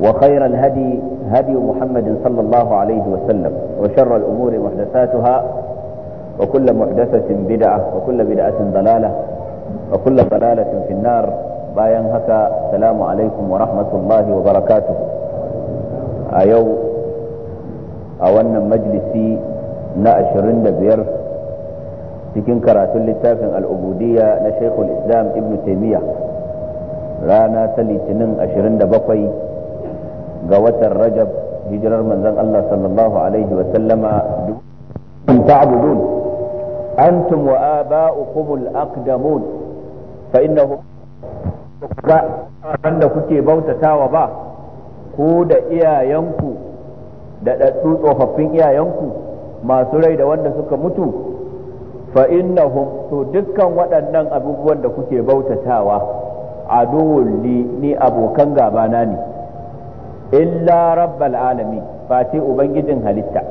وخير الهدي هدي محمد صلى الله عليه وسلم وشر الأمور محدثاتها وكل محدثة بدعة وكل بدعة ضلالة وكل ضلالة في النار باينهك السلام عليكم ورحمة الله وبركاته أيو أولنا مجلسي نأشرن بير cikin karatun littafin لشيخ الإسلام ابن تيمية رانا taymiya rana ta litinin ga watan rajab hijirar manzon Allah sallallahu alaihi wa sallama dukkan ta'budun antum wa aba'ukum aqdamun fa innahu ba wanda kuke bautatawa ba ko da iyayenku da daddu tsofaffin iyayenku masu rai da wanda suka mutu fa innahum to dukkan waɗannan abubuwan da kuke bautatawa aduwul ni abokan gabana ne illa rabbal alamin face ubangijin halitta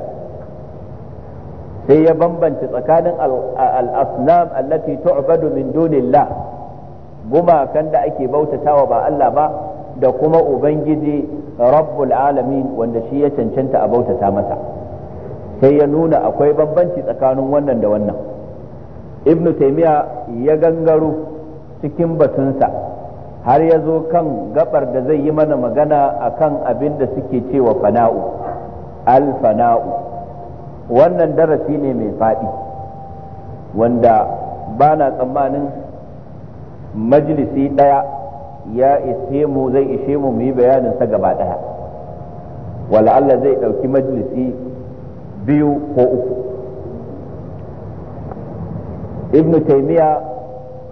sai ya bambanta tsakanin al-asnam allati tu'badu min dunillah gumakan da ake bautatawa ba Allah ba da kuma ubangiji rabbul alamin wanda shi ya cancanta a bautata masa sai ya nuna akwai bambanci tsakanin wannan da wannan ibnu taymiya ya gangaro cikin batunsa har ya zo kan gabar da zai yi mana magana a kan abin da suke cewa fana'u alfana'u wannan darasi ne mai faɗi wanda ba na tsammanin majalisi ɗaya ya ishe mu zai ishe mu mu yi bayaninsa gaba ɗaya wala Allah zai ɗauki majalisi biyu ko uku ibnu taimiyya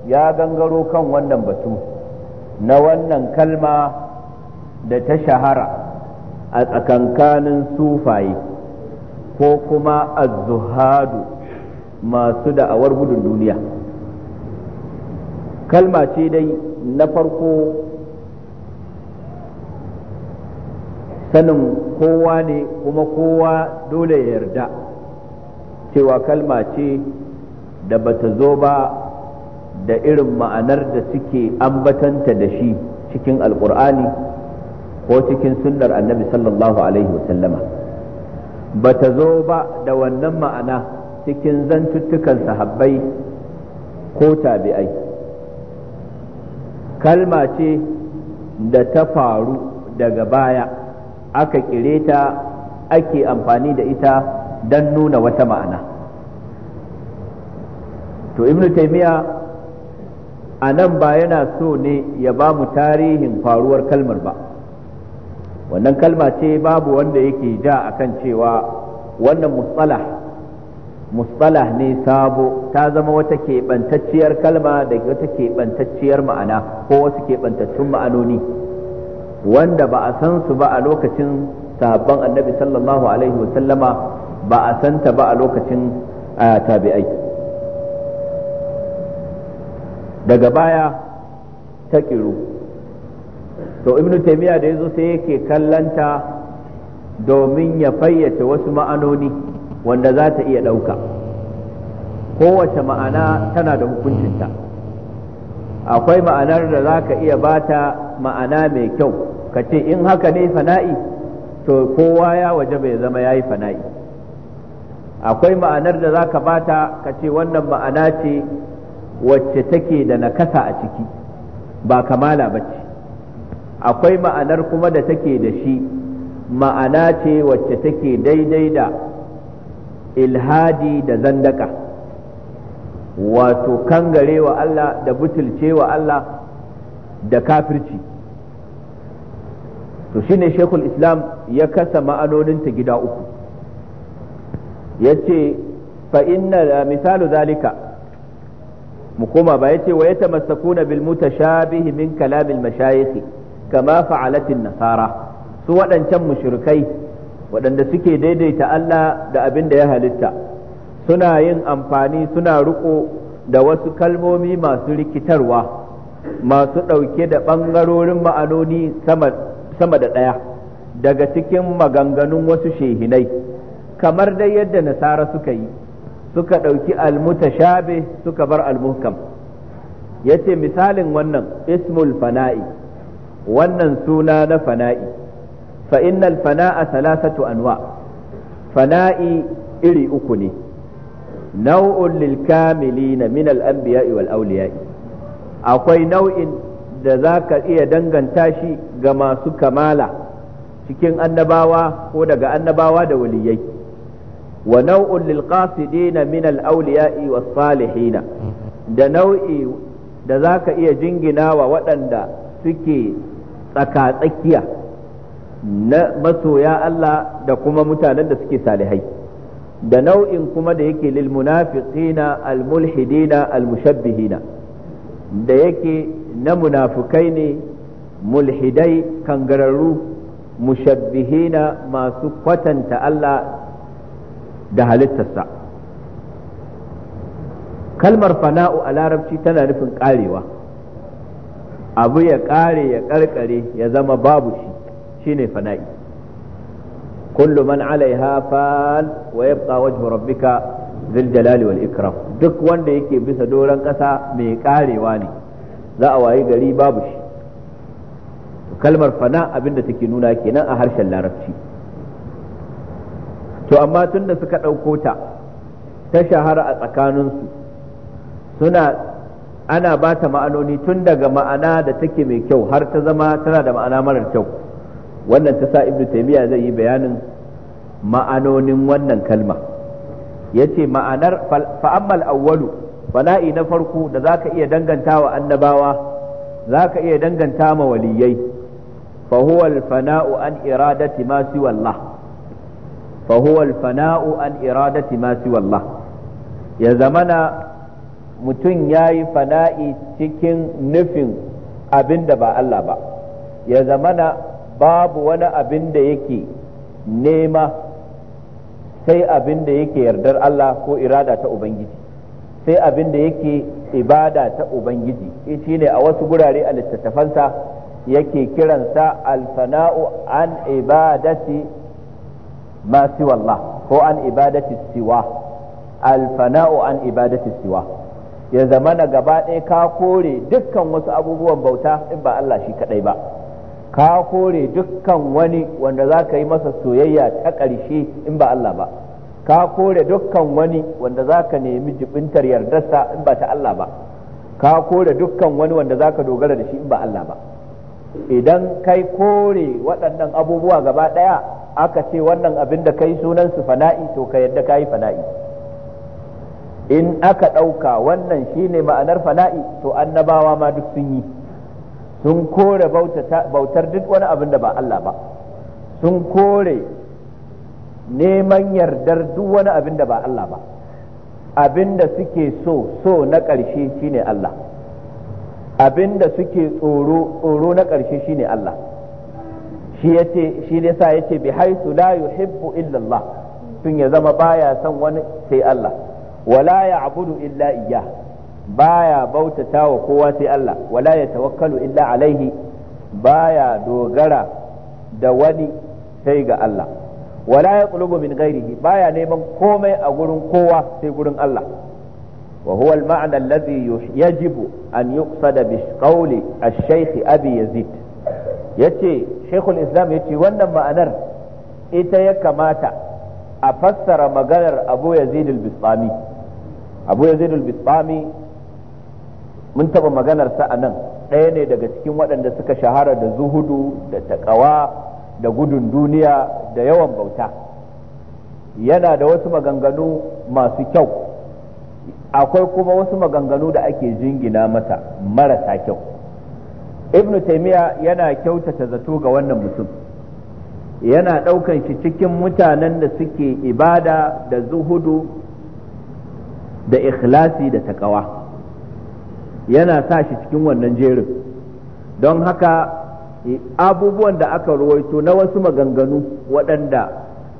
ya gangaro kan wannan batu na wannan kalma da ta shahara a tsakankanin sufaye ko kuma a zuhadu masu da'awar gudun duniya kalma ce dai na farko sanin kowa ne kuma kowa dole yarda cewa kalma ce da bata zo ba da irin ma'anar da suke ambatanta da shi cikin alkur'ani ko cikin sunnar annabi sallallahu alaihi wasallama ba ta zo ba da wannan ma'ana cikin zantuttukan sahabbai ko tabi'ai kalma ce da ta faru daga baya aka kire ta ake amfani da ita don nuna wata ma'ana to ibnu taymiya a nan ba yana so ne ya ba mu tarihin faruwar kalmar ba wannan kalma ce babu wanda yake ja a kan cewa wannan mustalah mustalah ne sabo ta zama wata keɓantacciyar kalma da wata keɓantacciyar ma'ana ko wasu keɓantattun ma'anoni wanda ba a san su ba a lokacin sabon annabi sallallahu alaihi wasallama ba a santa ba a lokacin ah, tabi'ai daga baya ta kiru to ibnu taymiya da yazo sai yake kallanta domin ya fayyace wasu ma'anoni wanda za ta iya ɗauka kowace ma'ana tana da hukuncinta akwai ma'anar da za ka iya bata ma'ana mai kyau ka ce in haka ne fana'i to kowa ya waje bai zama ya yi fana'i akwai ma'anar da za ka bata ka ce wannan ma'ana ce wacce take da nakasa a ciki ba kamala ba ce akwai ma'anar kuma da take da shi ma'ana ce wacce take daidai da ilhadi da zandaka wato kangare wa Allah da butulce wa Allah da kafirci to shine shekul islam ya kasa ma'anoninta gida uku ya ce fa'inna misalu zalika mu koma ba yace wa yatamassakuna bil mutashabihi min kalamil mashayikh kama fa'alatin nasara su waɗancan mushrikai waɗanda suke daidaita Allah da abin da ya halitta suna yin amfani suna riƙo da wasu kalmomi masu rikitarwa masu ɗauke da ɓangarorin ma'anoni sama da ɗaya daga cikin maganganun wasu shehinai kamar dai yadda nasara suka yi suka ɗauki almutashabe suka bar almuhkam yace misalin wannan ismul fana'i wannan suna na fana'i fa innal fana'a salasatu anwa fana'i iri uku ne nau'un lil kamilina min al wal awliya'i akwai nau'in da zaka iya danganta shi ga masu kamala cikin annabawa ko daga annabawa da waliyai wa nau'un lil qasidina min al awliya'i salihina da nau'i da zaka iya jinginawa waɗanda suke tsaka-tsakiya na masoya Allah da kuma mutanen da suke salihai da nau'in kuma da yake lil munafiqina al mulhidina al mushabbihina da yake na munafukai ne mulhidai kangararru mushabbihina masu kwatanta Allah da halittarsa kalmar fana'u a larabci tana nufin karewa abu ya kare ya karkare ya zama babu shi shine fana'i kullu man alaiha fan wa yabqa wajhu rabbika dhil jalali wal ikram duk wanda yake bisa doron kasa mai karewa ne za a wayi gari babu shi kalmar fana abinda take nuna kenan a harshen larabci to amma tun da suka ɗauko ta ta shahara a tsakaninsu suna ana ba ta ma'anoni tun daga ma'ana da take mai kyau har ta zama tana da ma'ana marar kyau wannan ta sa ibnu taymiya zai yi bayanin ma'anonin wannan kalma yace ma'anar fa'ammal awwalu Fana'i na farko da zaka iya danganta wa annabawa zaka iya danganta ma waliyai fa huwa al-fana'u an iradati ma siwa fa huwa al-fana'u an iradati ma siwa Allah ya zamana mutum yayi fana'i cikin nufin abin da ba Allah ba ya zamana babu wani abin da yake nema sai abin da yake yardar Allah ko irada ta ubangiji sai abin da yake ibada ta ubangiji shi a wasu gurare a littattafansa yake kiransa alfana'u an ibadati ma siwallah ko an ibadati siwa fanau an ibadati siwa ya zamana gaba ɗaya ka kore dukkan wasu abubuwan bauta in ba Allah shi kadai ba ka kore dukkan wani wanda za ka yi masa soyayya ta ƙarshe in ba Allah ba ka kore dukkan wani wanda za ka nemi jibintar yardarsa in ba ta Allah ba ka kore dukkan wani wanda za ka dogara da shi in ba Allah ba idan kai kore waɗannan abubuwa gaba ɗaya aka ce wannan abin da kai sunan su fana'i to ka yadda ka yi fana'i in aka ɗauka wannan shine ma'anar fana'i to annabawa ma duk sun yi sun kore bautar duk wani abin da ba Allah ba sun kore neman yardar duk wani abin da ba Allah ba abin da suke so so na ƙarshe shine Allah Abin da suke tsoro tsoro na ƙarshe shine Allah shi yace shi ne sa yace bi haisu la yuhibbu illa Allah tun ya zama baya son wani sai Allah wala ya'budu illa iyyah baya bautata wa kowa sai Allah wala ya tawakkalu illa alaihi baya dogara da wani sai ga Allah wala ya min ghairihi baya neman komai a gurin kowa sai gurin Allah وهو المعنى الذي يجب أن يقصد بقول الشيخ أبي يزيد يتي شيخ الإسلام يتي وانما أنر إتيك مات أفسر مقالر أبو يزيد البسطامي أبو يزيد البسطامي mun taɓa maganarsa a nan ɗaya ne daga cikin waɗanda suka shahara da zuhudu da taƙawa da gudun duniya da yawan bauta yana da wasu maganganu masu kyau akwai kuma wasu maganganu da ake jingina masa marasa kyau ibnu taimiya yana kyautata zato ga wannan mutum yana ɗaukan shi cikin mutanen da suke ibada da zuhudu da ikhlasi da ƙawa. yana sa shi cikin wannan jerin don haka abubuwan da aka ruwaito na wasu maganganu waɗanda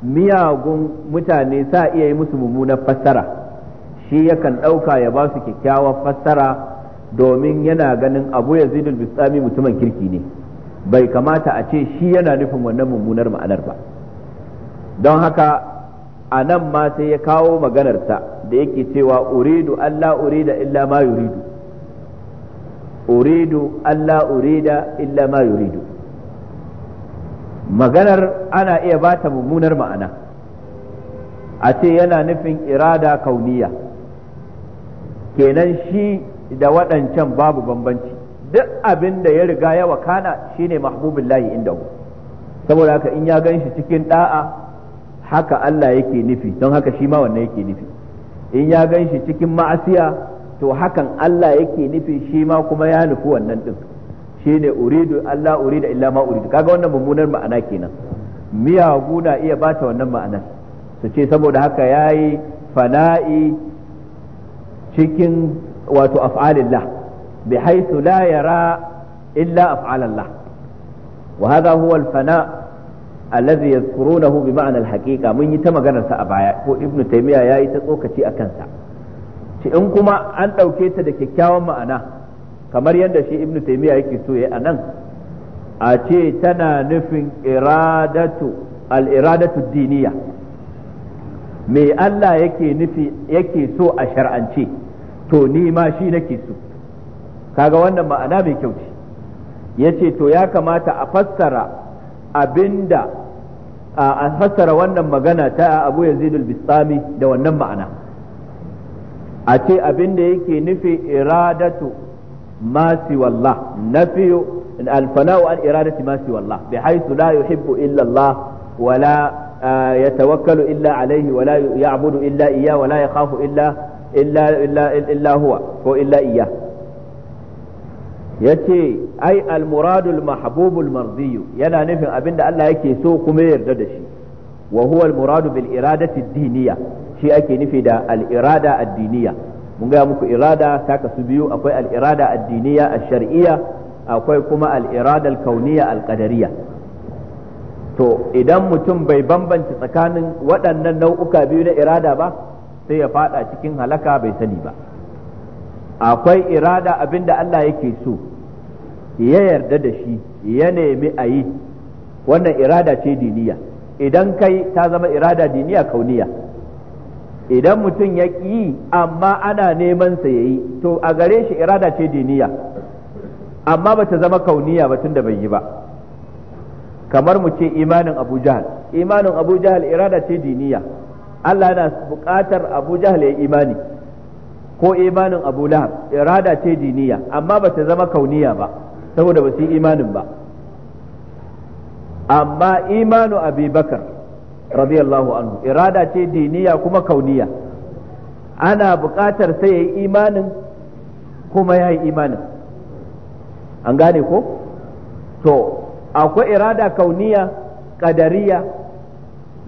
miyagun mutane sa iya yi musu mummunar fassara shi yakan ɗauka ya ba su kyakkyawar fassara domin yana ganin abu ya zidul bisami mutumin kirki ne bai kamata a ce shi yana nufin wannan mummunar ma'anar ba don haka a nan ma sai ya kawo maganarsa da yake cewa uridu Allah urida illa ma yuridu uridu Allah urida illa ma yuridu maganar ana iya bata mummunar ma'ana a ce yana nufin irada kauniya kenan shi da waɗancan babu bambanci duk abin da ya riga ya wakana shine mahbubin layi inda saboda haka in ya gan shi cikin da'a haka Allah yake nufi don haka shi ma wannan yake nufi in ya gan shi cikin ma'asiya to hakan Allah yake nufi shi ma kuma ya nufi wannan din shine uridu Allah urida illa ma uridu kaga wannan mummunar ma'ana kenan miyagu na iya bata wannan ma'anar su ce saboda haka yayi fana'i cikin wato af'alillah bi haythu la yara illa af'alallah wa hadha huwa al-fana alladhi yadhkurunahu bi ma'na al-haqiqa mun yi ta maganar sa a baya ko ibn taymiya yayi ta tsokaci akan sa ci in kuma an dauke ta da kyakkyawan ma'ana kamar yadda shi ibn taymiya yake so yayi anan a ce tana nufin iradatu al-iradatu me Allah yake nufi yake so a shar'ance to ni ma shi nake so kaga wannan ma'ana mai kyau ce yace to ya kamata a fassara abinda a fassara wannan magana ta Abu Yazid al-Bistami da wannan ma'ana a ce abinda yake nufi iradatu ma siwallah nafiyu الفناء عن إرادة haisu سوى الله illa لا wala ya الله illa يتوكل wala ya abudu illa iya wala ya khafu illa. illa huwa ko illa iya yace ai almuradul mahbubul mardiyu yana nufin abinda Allah yake so kuma yarda da shi wa huwa almuradu bil iradati diniya shi ake nufi da al irada addiniya mun ga muku irada ta kasu biyu akwai al irada addiniya ash-shar'iyya akwai kuma al irada al kauniyya al qadariyya to idan mutum bai bambanta tsakanin waɗannan nau'uka biyu na irada ba sai ya fada cikin halaka bai sani ba akwai irada abinda Allah yake so ya yarda da shi ya nemi a yi wannan irada ce diniya idan kai ta zama irada diniya kauniya idan mutum ya yi amma ana neman sa yayi to a gare shi irada ce diniya amma ba ta zama kauniya ba tunda bai yi ba kamar mu ce imanin abu jahal imanin abu jahal irada ce diniya Allah yana buƙatar Abu Jahal ya imani ko imanin Abu Lahab irada ce diniya amma ba ta zama kauniya ba saboda ba su imanin ba amma imanu Abi Bakar radiyallahu anhu irada ce diniya kuma kauniya ana buƙatar sai ya yi imanin kuma ya yi imanin an gane ko to akwai irada kauniya kadariya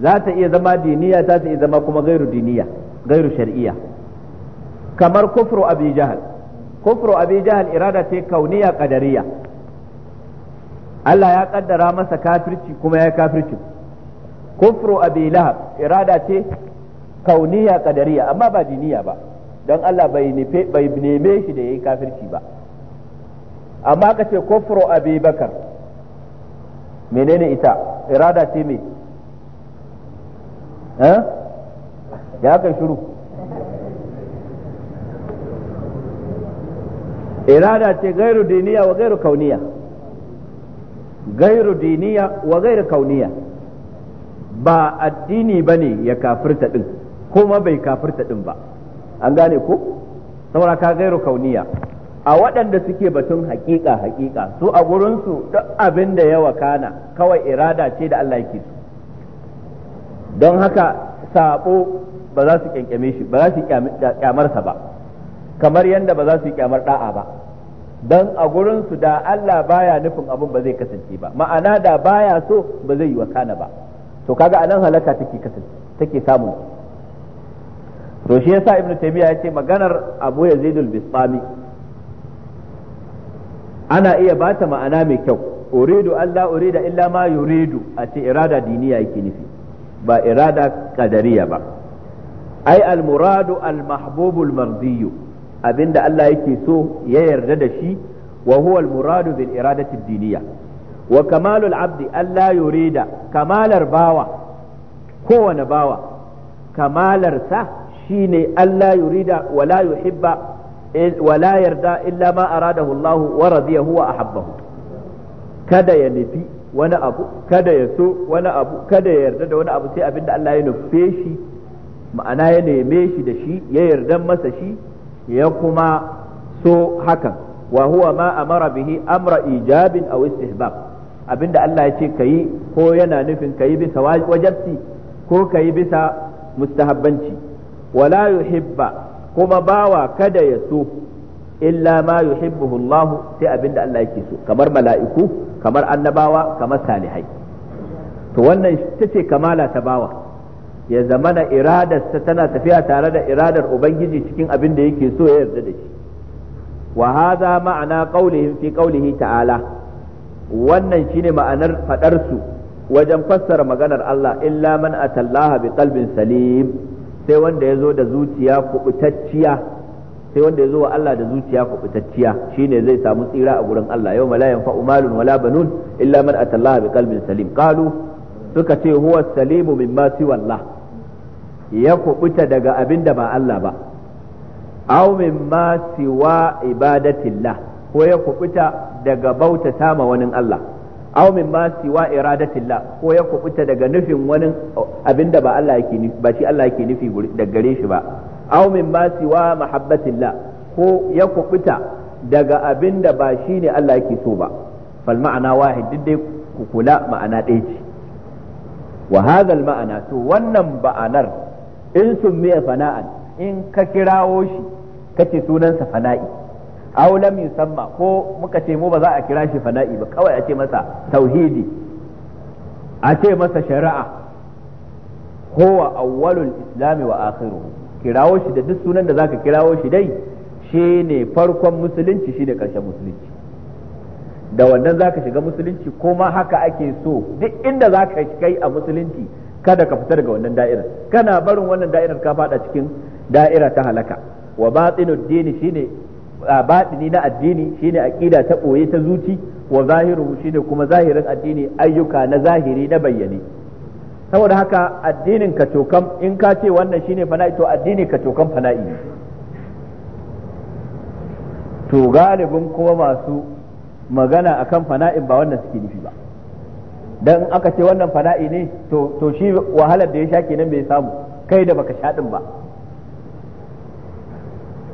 za ta iya zama diniya za ta iya zama kuma gairu diniya gairu shar'iyya kamar kufru abi jahal kufru abi jahal irada ce kauniya qadariyya Allah ya kaddara masa kafirci kuma ya kafirci kufru abi lahab irada ce kauniya qadariyya amma ba diniya ba don Allah bai neme shi da yayi kafirci ba amma kace ce kufru abi bakar menene ita irada ce mai ya kan shiru irada ce gairu diniya wa gairu kauniya gairu diniya wa gairu kauniya ba addini ba ne ya kafirta ɗin kuma bai kafirta ɗin ba an gane ko saboda ka gairu kauniya a waɗanda suke batun hakika hakika su a gurinsu duk abin da ya wakana kawai irada ce da Allah yake su don haka sabo ba za su kyankyame shi ba za su kyamarsa ba kamar yadda ba za su yi kyamar da'a ba don a gurinsu da Allah baya nufin abin ba zai kasance ba ma'ana da baya so ba zai yi wa kana ba to kaga anan halaka take kasance take samu to shi yasa ibnu taymiya yace maganar abu yazid al-bisami ana iya bata ma'ana mai kyau uridu Allah urida illa ma yuridu a ce irada diniya yake nufi ba irada kadariya ba ai almuradu almahbubul mardiyu abinda Allah yake so ya yarda da shi wa huwa almuradu bil iradati diniya wa kamalul abdi Allah yurida kamalar bawa kowane bawa kamalarsa shine Allah yurida wala yuhibba wala yarda illa ma aradahu Allah wa radiyahu wa ahabbahu kada ya nufi wani abu kada ya so wani abu kada ya yarda da wani abu sai abinda Allah ya nufe shi ma'ana ya neme shi da shi ya yarda masa shi ya kuma so hakan wa huwa ma amara bihi amra ijabin aw istihbab abinda Allah ya ce kayi ko yana nufin kayi bisa wajabci ko kayi bisa mustahabbanci wala yuhibba kuma bawa kada ya so illa ma yuhibbuhu Allah sai abinda Allah yake so kamar mala'iku kamar annabawa kamar salihai to wannan ita ce kamala ta bawa ya zamana iradarsa tana tafiya tare da iradar ubangiji cikin abinda yake so ya yarda da shi wa hadha ma'ana qaulihim fi qaulihi ta'ala wannan shine ma'anar fadar su wajen fassara maganar Allah illa man atallaha bi qalbin salim sai wanda ya zo da zuciya kubutacciya sai wanda ya zo wa Allah da zuciya kubutacciya shine zai samu tsira a gurin Allah yau la yanfa'u malun wala banun illa man atallaha biqalbin salim qalu suka ce huwa salimu mimma siwallah ya kubuta daga abin da ba Allah ba aw mimma siwa ibadatillah ko ya kubuta daga bauta sama wani Allah aw mimma siwa iradatillah ko ya kubuta daga nufin wani abin da ba Allah yake ba shi Allah yake nufi daga gare shi ba aw min ma siwa mahabbatillah ko ya kubuta daga abin da ba shine Allah yake so ba fal ma'ana wahid duk dai ku kula ma'ana ɗaya ce wa hadha al ma'ana to wannan ba'anar in summiya fana'an in ka kirawo shi kace sunansa fana'i aw lam yusamma ko muka ce mu ba za a kira shi fana'i ba kawai a ce masa tauhidi a ce masa shari'a huwa awwalul islami wa akhiruhu kirawo shi da duk sunan da zaka kirawo shi dai shi ne farkon musulunci shi ne ƙarshen musulunci da wannan zaka shiga musulunci kuma haka ake so duk inda zaka kai a musulunci kada ka fita daga wannan daira kana barin wannan da'irar ka fada cikin da'ira ta halaka wa batinud dini shine batini na addini shine aqida ta boye ta zuci wa zahiru shine kuma zahirin addini ayyuka na zahiri na bayyane saboda haka addinin ka cokan in ka ce wannan shine fana'i to addini ka cokan fana'i to galibin kuma masu magana akan fana'in ba wannan suke nufi ba dan aka ce wannan fana'i ne to to shi wahalar da ya sha kenan bai samu kai da baka sha din ba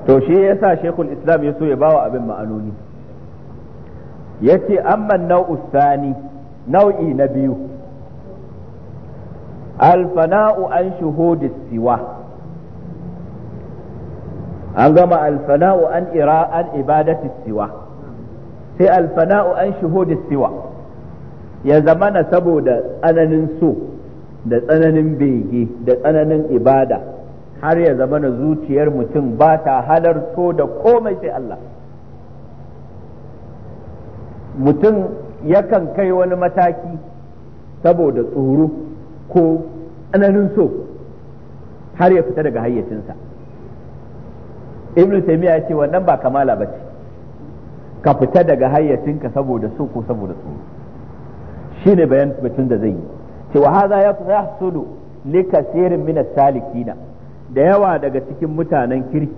to shi yasa shekul islam ya so ya bawa abin ma'anoni yace amma nau'u sani nau'i na biyu alfana'u an shuhudi siwa an gama alfana'u an ira an ibadati siwa sai alfana'u an shuhudi siwa ya na saboda tsananin so da tsananin bege da tsananin ibada har ya zama na zuciyar mutum ba ta halarto da komai sai Allah mutum yakan kai wani mataki saboda tsoro ko tsananin so har ya fita daga hayyacinsa ibn taymiya ya ce wannan ba kamala bace ka fita daga hayyacinka saboda so ko saboda tsoro shine bayan batun da zai yi cewa haza ya yahsulu likasirin kasirin min salikina da yawa daga cikin mutanen kirki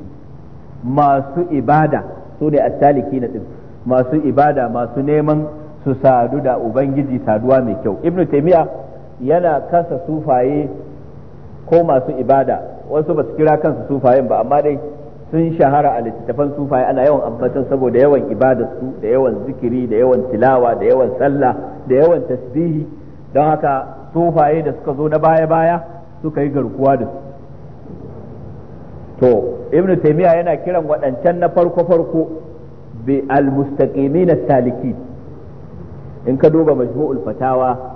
masu ibada su ne as-salikina din masu ibada masu neman su sadu da ubangiji saduwa mai kyau ibn taymiya yana kasa sufaye ko masu ibada wasu ba su kira kansu sufayen ba amma dai sun shahara a littattafan sufaye ana yawan ambatan saboda yawan ibadarsu da yawan zikiri da yawan tilawa da yawan sallah da yawan tasbihi don haka sufaye da suka zo na baya-baya suka yi garkuwa da su to ibn taymiya yana kiran waɗancan na farko-farko bi al-mustaqimin salikin in ka duba majmu'ul fatawa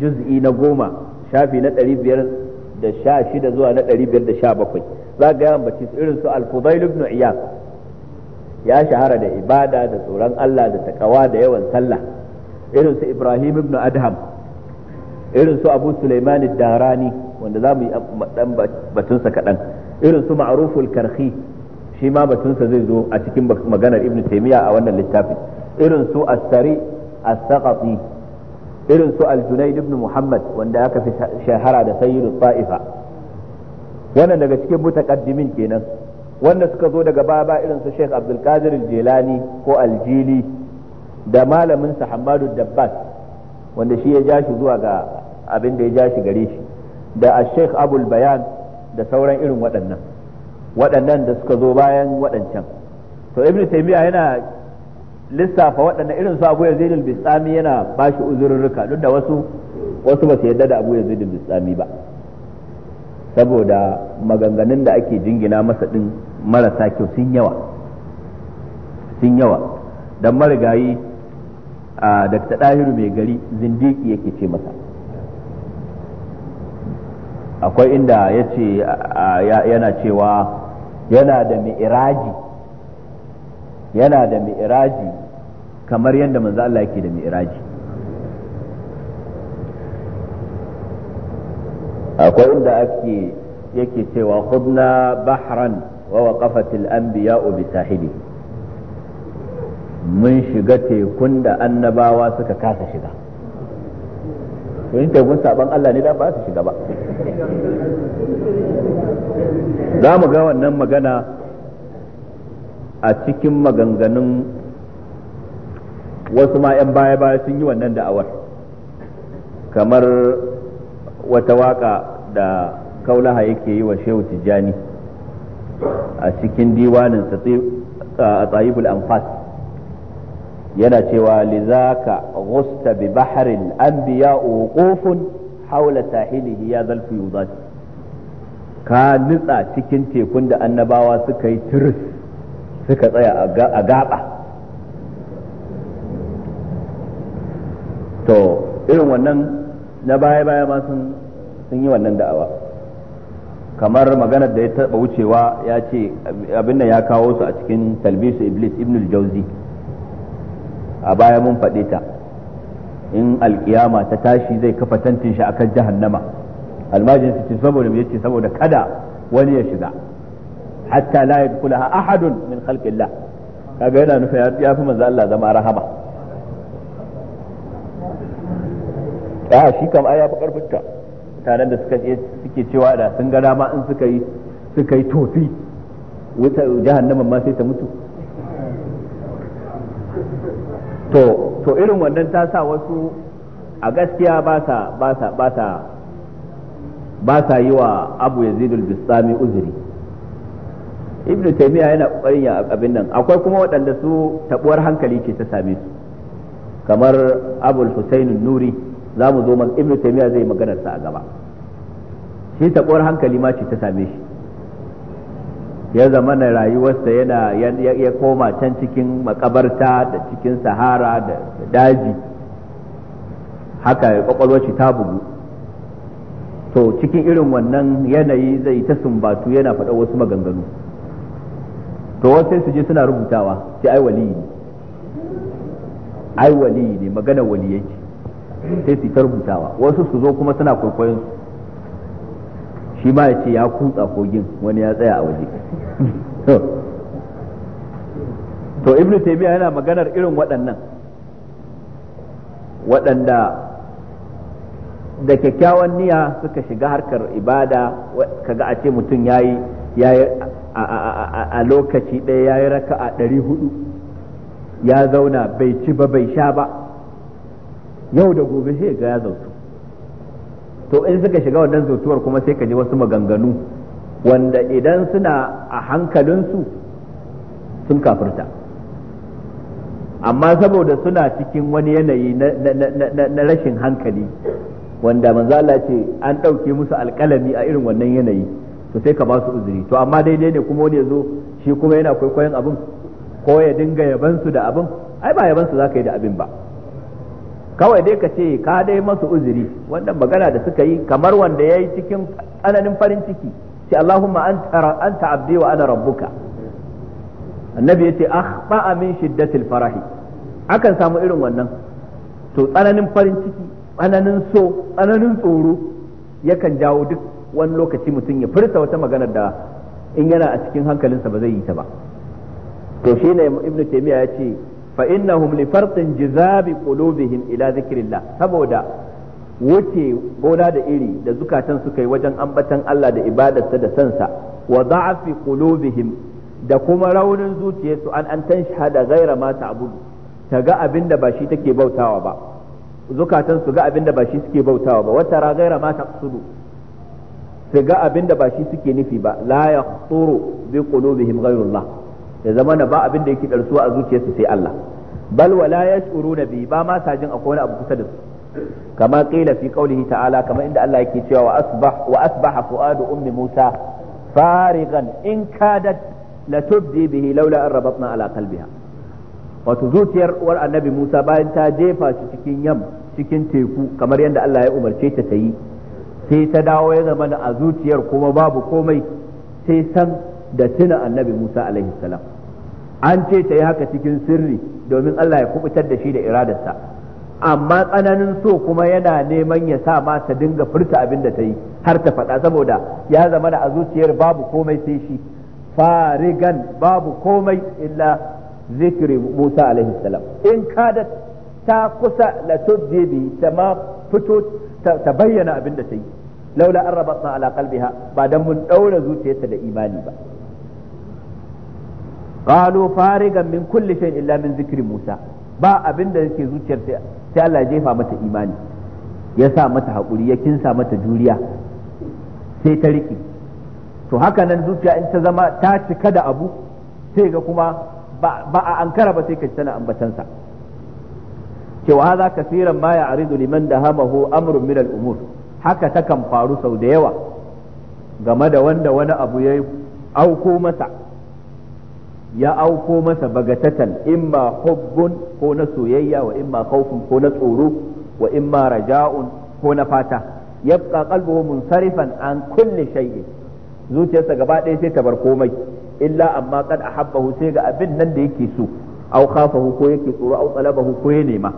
juz'i na goma shafi na ɗari biyar da sha shida zuwa na ɗari biyar da sha bakwai za ga yawan bace irin su al-fudail ibn iyas ya shahara da ibada da tsoron Allah da takawa da yawan sallah irin su ibrahim ibn adham irin su abu sulaiman darani wanda za mu yi dan batunsa kaɗan irin su ma'ruful karhi shi ma batunsa zai zo a cikin maganar ibn taymiya a wannan littafin irin su as-sari as-saqati irin su aljunai ibn muhammad wanda aka fi shahara da sayyidul ta'ifa wannan daga cikin mutaqaddimin kenan wanda suka zo daga baba irin su sheikh abdul qadir al-jilani ko al-jili da malamin sa hamadu dabbas wanda shi ya ja shi zuwa ga abin da ya ja shi gare shi da al-sheikh abul bayan da sauran irin waɗannan waɗannan da suka zo bayan waɗancan to ibn taymiya yana lissafa waɗanda irin su abu yazid al bisami yana ba shi uzurruka duk da wasu wasu ba su yarda da abu yazid al bisami ba saboda maganganun da ake jingina masa ɗin marasa kyau sun yawa sun yawa dan marigayi a dakta ɗahiru mai gari zindiki yake ce masa akwai inda ya ce yana cewa yana da mi'iraji yana da mi'raji kamar yadda manzo Allah yake da mi'raji akwai inda ake yake cewa khudna bahran wa waqafat al anbiya bi sahili mun shiga tekun da annabawa suka kasa shiga to in tekun saban Allah ne da ba su shiga ba za mu ga wannan magana a cikin maganganun wasu ma 'yan baya-baya sun yi wannan da'awar kamar wata waka da kaulaha yake yi wa shehu tijjani a cikin diwanin a tsayibul anfas yana cewa lizaka gusta bi baharin anbiya uqufun haula sahilihi ya zalfi yuzati ka nitsa cikin tekun da annabawa suka yi tiris suka tsaya a gaba to irin wannan na baya-baya ma sun yi wannan da'awa kamar maganar da ya taɓa wucewa ya ce abin ya kawo su a cikin talbisu iblis ibnul jauzi a baya mun faɗe ta in alkiyama ta tashi zai kafa tantin shi akan jahannama almajin su ce saboda me yace saboda kada wani ya shiga hatta la yadkhulaha ahadun khalqillah kaga yana nufin ya fi manzo Allah zama rahama ya shi kam ai ya fi karfin ta tanan da suka suke cewa da sun ga dama in suka yi suka yi tofi wuta jahannama ma sai ta mutu to to irin wannan ta sa wasu a gaskiya ba sa ba sa ba sa ba sa yi wa Abu Yazid al-Bistami uzuri ibn taymiya yana kokarin ya abin nan akwai kuma waɗanda su tabuwar hankali ce ta same su kamar abul nuri za mu zo man ibn taymiya zai magana sa a gaba shi tabuwar hankali ma ce ta same shi ya zama na rayuwarsa yana ya koma can cikin makabarta da cikin sahara da daji haka kwakwalwar shi ta bugu to cikin irin wannan yanayi zai ta sumbatu yana faɗa wasu maganganu to wasu su je suna rubutawa sai ai waliyi ne ai waliyi ne magana waliyai ce sai su ta rubutawa wasu su zo kuma suna kwaikwayon su shi ma ya ce ya kutsa kogin wani ya tsaya a waje to ibn taymiya yana maganar irin waɗannan waɗanda da kyakkyawan niyya suka shiga harkar ibada kaga a ce mutum ya yi. a lokaci ɗaya ya yi raka a ɗari hudu ya zauna bai ci ba bai sha ba yau da gobe sai ga ya zautu to in suka shiga wannan zautuwar kuma sai ka ji wasu maganganu wanda idan suna a hankalinsu sun kafirta amma saboda suna cikin wani yanayi na rashin hankali wanda manzala ce an ɗauke musu alƙalami a irin wannan yanayi to sai ka ba su uzuri to amma daidai ne kuma wani ya zo shi kuma yana kwaikwayon abin ko ya dinga yaban su da abin ai ba yaban su za ka yi da abin ba kawai dai ka ce ka dai masu uzuri wannan magana da suka yi kamar wanda ya yi cikin tsananin farin ciki ce Allahumma anta abdi wa ana rabbuka annabi ya ce ba'a min shiddatil farahi akan samu irin wannan to tsananin farin ciki tsananin so tsananin tsoro yakan jawo duk wani lokaci mutum ya furta wata magana da in yana a cikin hankalinsa ba zai yi ta ba to shi ne ibnu taymiya ya ce fa innahum li farqin jizabi qulubihim ila zikrillah saboda wuce gona da iri da zukatan suka yi wajen ambatan Allah da ibadarsa da sansa wa da'afi qulubihim da kuma raunin zuciyarsu an an tanshada ghaira ma ta'budu ta ga abin da ba shi take bautawa ba zukatan su ga abin da ba shi suke bautawa ba wata ra ghaira ma siga abin da ba shi suke nufi ba la ya tsoro bi qulubihim ghayrullah ya zama na ba abin da yake darsu a zuciyarsu sai Allah bal wa la yashuru nabi ba ma sajin akwai wani abu kusa da su kama fi qawlihi ta'ala kamar inda Allah ke cewa wa asbah wa asbaha fuadu ummi musa farigan in kadat la tubdi bihi laula an rabatna ala qalbiha wato zuciyar uwar annabi Musa bayan ta jefa shi cikin yam cikin teku kamar yadda Allah ya umarce ta ta yi sai ta dawo ya zama a zuciyar kuma babu komai sai san da tuna annabi Musa alaihi salam an ce ta yi haka cikin sirri domin Allah ya kubutar da shi da iradarsa amma tsananin so kuma yana neman ya sa ma ta dinga furta abin da ta yi har ta faɗa saboda ya zama da a zuciyar babu komai sai shi farigan babu komai illa zikri Musa alaihi salam in kada ta kusa la tubdi ta ma fito ta bayyana abin da ta yi laula an rabatna ala qalbiha ba dan mun daura zuciyarta da imani ba qalu farigan min kulle shan illa min musa ba abin da yake zuciyar sai Allah jefa mata imani ya sa mata hakuri ya kinsa mata juriya sai ta riƙe to hakanan zuciya in ta zama ta cika da abu sai ga kuma ba a ankara ba sai ka tana ambatansa cewa hadha kaseeran ma ya'ridu liman dahamahu amrun min al-umur haka takan faru sau da yawa game da wanda wani abu ya auko masa ya auko masa bagatatan imma hubbun ko na soyayya wa imma khawfun ko na tsoro wa imma raja'un ko na fata yabqa qalbuhu munsarifan an kulli shay'in zuciyarsa gaba ɗaya sai ta bar komai illa amma kad ahabbahu sai ga abin nan da yake so aw khafahu ko yake tsoro aw talabahu ko ya nema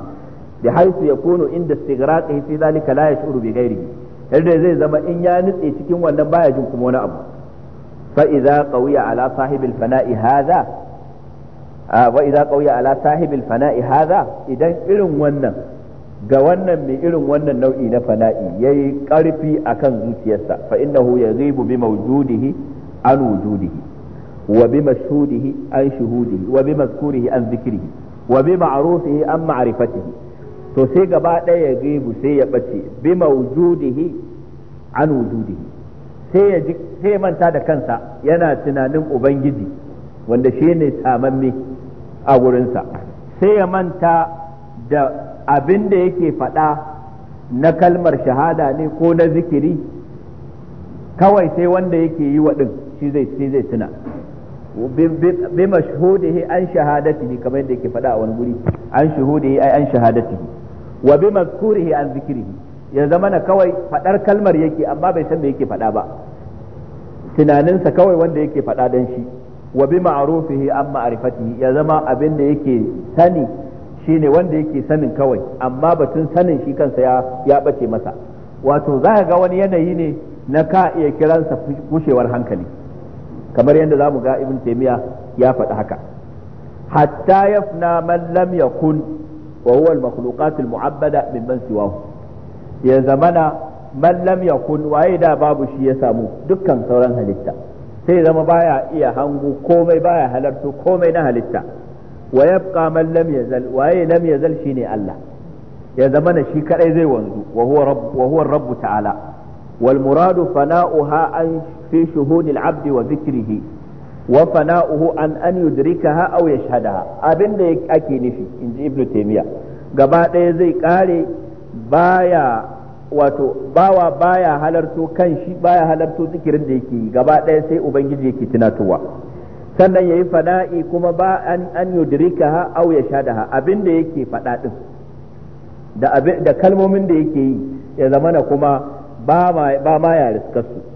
bi haisu yakunu inda istighraqihi fi zalika la yashuru bi ghairihi yadda zai zama in ya nutse cikin wannan baya jin kuma wani abu fa idza qawiya ala sahibil fana'i hadha wa idza qawiya ala sahibil fana'i hadha idan irin wannan ga wannan mai irin wannan nau'i na fana'i yayi karfi akan zuciyarsa fa innahu yaghibu bi mawjudihi an wujudihi wa bi mashhudihi an shuhudihi wa bi mazkurihi an zikrihi wa bi ma'rufihi an ma'rifatihi to sai gaba ɗaya ya gaibu sai ya ɓace bi mawjudihi an wujudihi sai ya ji sai manta da kansa yana tunanin ubangiji wanda shi ne samamme a wurinsa sai ya manta da abin da yake faɗa na kalmar shahada ne ko na zikiri kawai sai wanda yake yi waɗin shi zai tuna bi mashhudihi an shahadatihi kamar yadda yake faɗa a wani guri an shahudihi ai an shahadatihi wa bi mazkurihi an zikrihi ya zama na kawai fadar kalmar yake amma bai san me yake fada ba tunaninsa kawai wanda yake fada dan shi wa bi ma'rufihi an ma'rifatihi ya zama abin da yake sani shine wanda yake sanin kawai amma batun sanin shi kansa ya ya bace masa wato za ga wani yanayi ne na ka iya kiransa kushewar hankali kamar yadda zamu ga ibn taymiya ya faɗi haka hatta yafna man lam yakun wa huwa al-makhluqat al-mu'abbada mimman siwahu ya zamana man lam yakun waye da babu shi ya samu dukkan sauran halitta sai zama baya iya hango komai baya halarto komai na halitta wa yabqa man lam yazal waye lam yazal shine Allah ya zamana shi kadai zai wanzu wahuwar huwa rabb wa huwa rabb ta'ala wal muradu fana'uha an fi shuhudil abdi wa dhikrihi wa fana'uhu an an yudrikaha aw yashhadaha abinda ake nufi in inji ibnu taymiya gaba ɗaya zai kare baya wato bawa baya halarto kan shi baya halarto zikirin da yake yi gaba ɗaya sai ubangiji yake tunatowa sannan yayi fada'i kuma ba an an yudrikaha aw yashhadaha abinda yake fada din da da kalmomin da yake yi ya zamana kuma ba ma ba ma ya riskarsu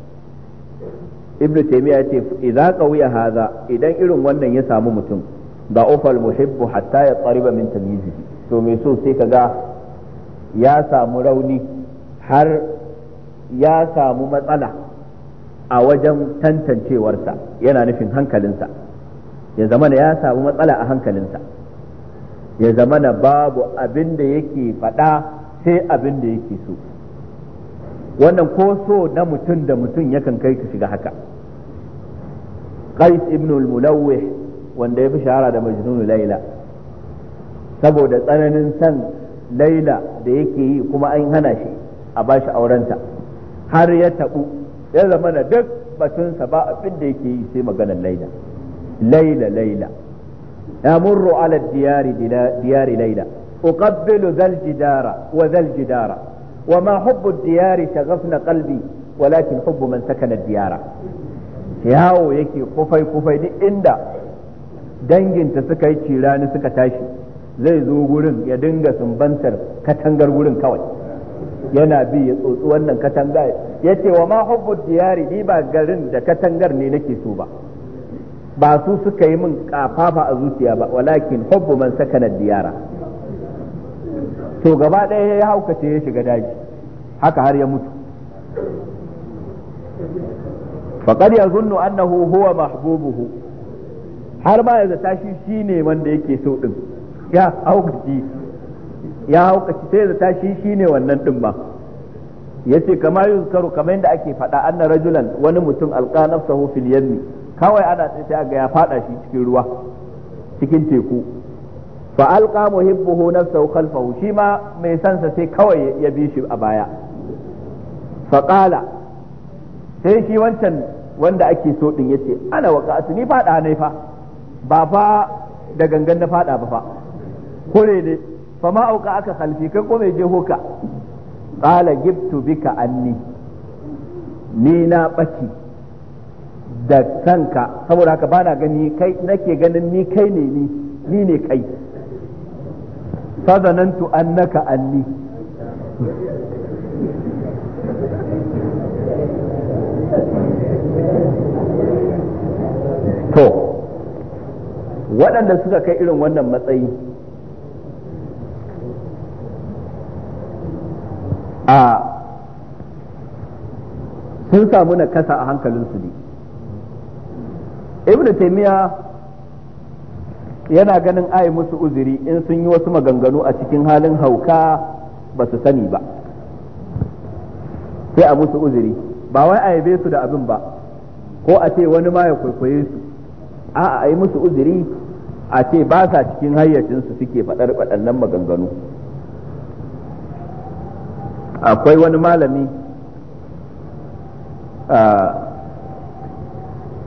ibnu taymiya yace idza qawiya hadha idan irin wannan ya samu mutum da ufal muhibbu hatta ya qariba min tamyizi to me so sai kaga ya samu rauni har ya samu matsala a wajen tantancewarsa yana nufin hankalinsa ya zamana ya samu matsala a hankalinsa ya zamana babu abin da yake faɗa sai abin da yake so wannan ko so na mutum da mutum yakan kai ka shiga haka qais ibn al wanda ya fi shahara da majnun laila saboda tsananin san laila da yake yi kuma an hana shi a bashi aurenta har ya tabu ya zama na duk batunsa ba abin da yake yi sai maganar laila laila laila يمر على الديار ديار wa أقبل ذا الجدار وذا الجدار وما حب الديار شغفنا قلبي ولكن حب من سكن الديار yawo yake kufai kufai duk inda danginta suka yi cirani suka tashi zai zo gurin ya dinga sumbantar katangar gurin kawai yana bi ya tsotsi wannan katanga ya ce wa ma hubbu diyari ni ba garin da katangar ne nake so ba ba su suka yi min kafafa a zuciya ba walakin hubbu man sakana diyara to gaba ɗaya ya haukace ya shiga daji haka har ya mutu faqad yazunnu annahu huwa mahbubuhu har ba ya zata shi shine wanda yake so din ya haukaci ya haukaci sai zata shi shine wannan din ba yace kama yuzkaru kamar yadda ake faɗa anna rajulan wani mutum alqa nafsahu fil ne kawai ana sai ga ya fada shi cikin ruwa cikin teku fa alqa muhibbuhu nafsahu khalfahu shi ma mai sansa sai kawai ya bi shi a baya faƙala. sai shi wancan wanda ake so din yace ana waqa'atu ni fada ne fa ba fa da gangan na fada ba fa kore ne fa ma auka aka khalfi kai ko mai je hoka qala gibtu bika anni ni na baki da kanka saboda haka bana gani kai nake ganin ni kai ne ni ni ne kai fa zanantu annaka anni to waɗanda suka kai irin wannan matsayi a sun samu na kasa a hankalinsu ne ibn taimiya yana ganin ayi musu uzuri in sun yi wasu maganganu a cikin halin hauka ba su sani ba sai a musu uzuri ba wai a yabe su da abin ba ko a ce wani ma ya kwaikwaye su a'a a yi musu uzuri a ce ba sa cikin hayyacinsu suke faɗar waɗannan maganganu akwai wani malami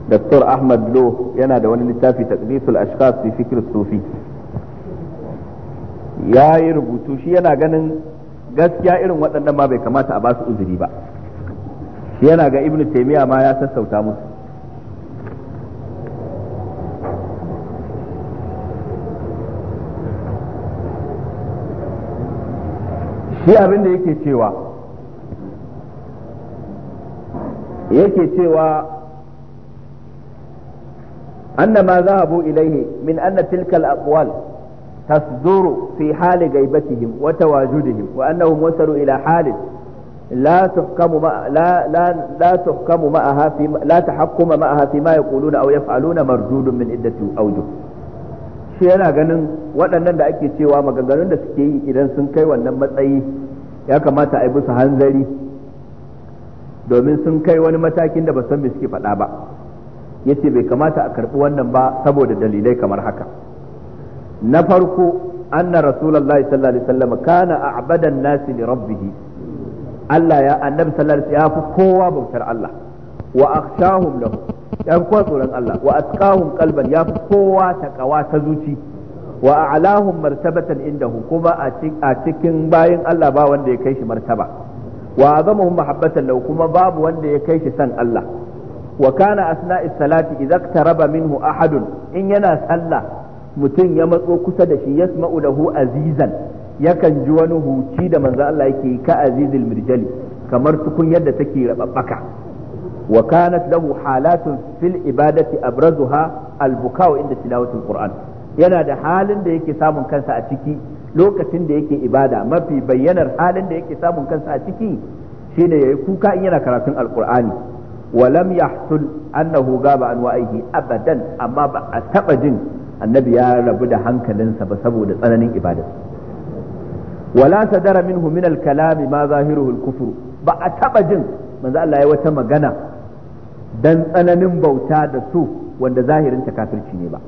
Dr. Ahmad Lo yana da wani littafi taqdisul ashkhas fi fikr sufi ya yi rubutu shi yana ganin gaskiya irin waɗannan ma bai kamata a ba su uzuri ba shi yana ga ibnu taymiya ma ya sassauta musu shi abin da yake cewa yake cewa annama ma zahabu ilaihi min anna tilkal aqwal tasduru fi hali gaibatihim wa tawajudihim wa annahum wasalu ila halin la tuhkamu ma'aha fi la tahakkuma ma'aha fi ma yaquluna aw yaf'aluna mardudun min iddati awjuh shi yana ganin waɗannan da ake cewa maganganun da suke yi idan sun kai wannan matsayi ya kamata a yi musu hanzari domin sun kai wani matakin da ba san me suke faɗa ba ya ce bai kamata a karɓi wannan ba saboda dalilai kamar haka na farko anna rasulallah sallallahu alaihi wasallam kana a'badan nasi li rabbih Allah ya annabi sallallahu alaihi ya fi kowa bautar Allah wa akhshahum lahu yan fi tsoron Allah wa atqahum kalban ya fi kowa taqawa ta zuci wa alahun martabatan inda kuma a cikin bayan Allah ba wanda ya kai shi martaba wa azamuhum mahabbatan lahu kuma babu wanda ya kai shi san Allah wa kana asna'is salati idza qaraba minhu ahadun in yana sallah mutum ya matso kusa da shi yasma'u lahu azizan yakan ji wani huci da manzo Allah yake ka azizil mirjali kamar tukunyar da take rababbaka wa kanat lahu halatun fil ibadati abrazuha al-buka'u inda tilawatul qur'an yana da halin da yake samun kansa a ciki lokacin da yake ibada mafi bayyanar halin da yake samun kansa a ciki shine yayi kuka in yana karatun alqur'ani wa lam yahsul annahu gaba an wa'ihi abadan amma ba a taba jin annabi ya rabu da hankalinsa ba saboda tsananin ibada wala sadara minhu min al-kalami ma zahiruhu al-kufru ba a taba jin manzo Allah ya wata magana dan tsananin bauta da su wanda zahirin ta kafirci ne ba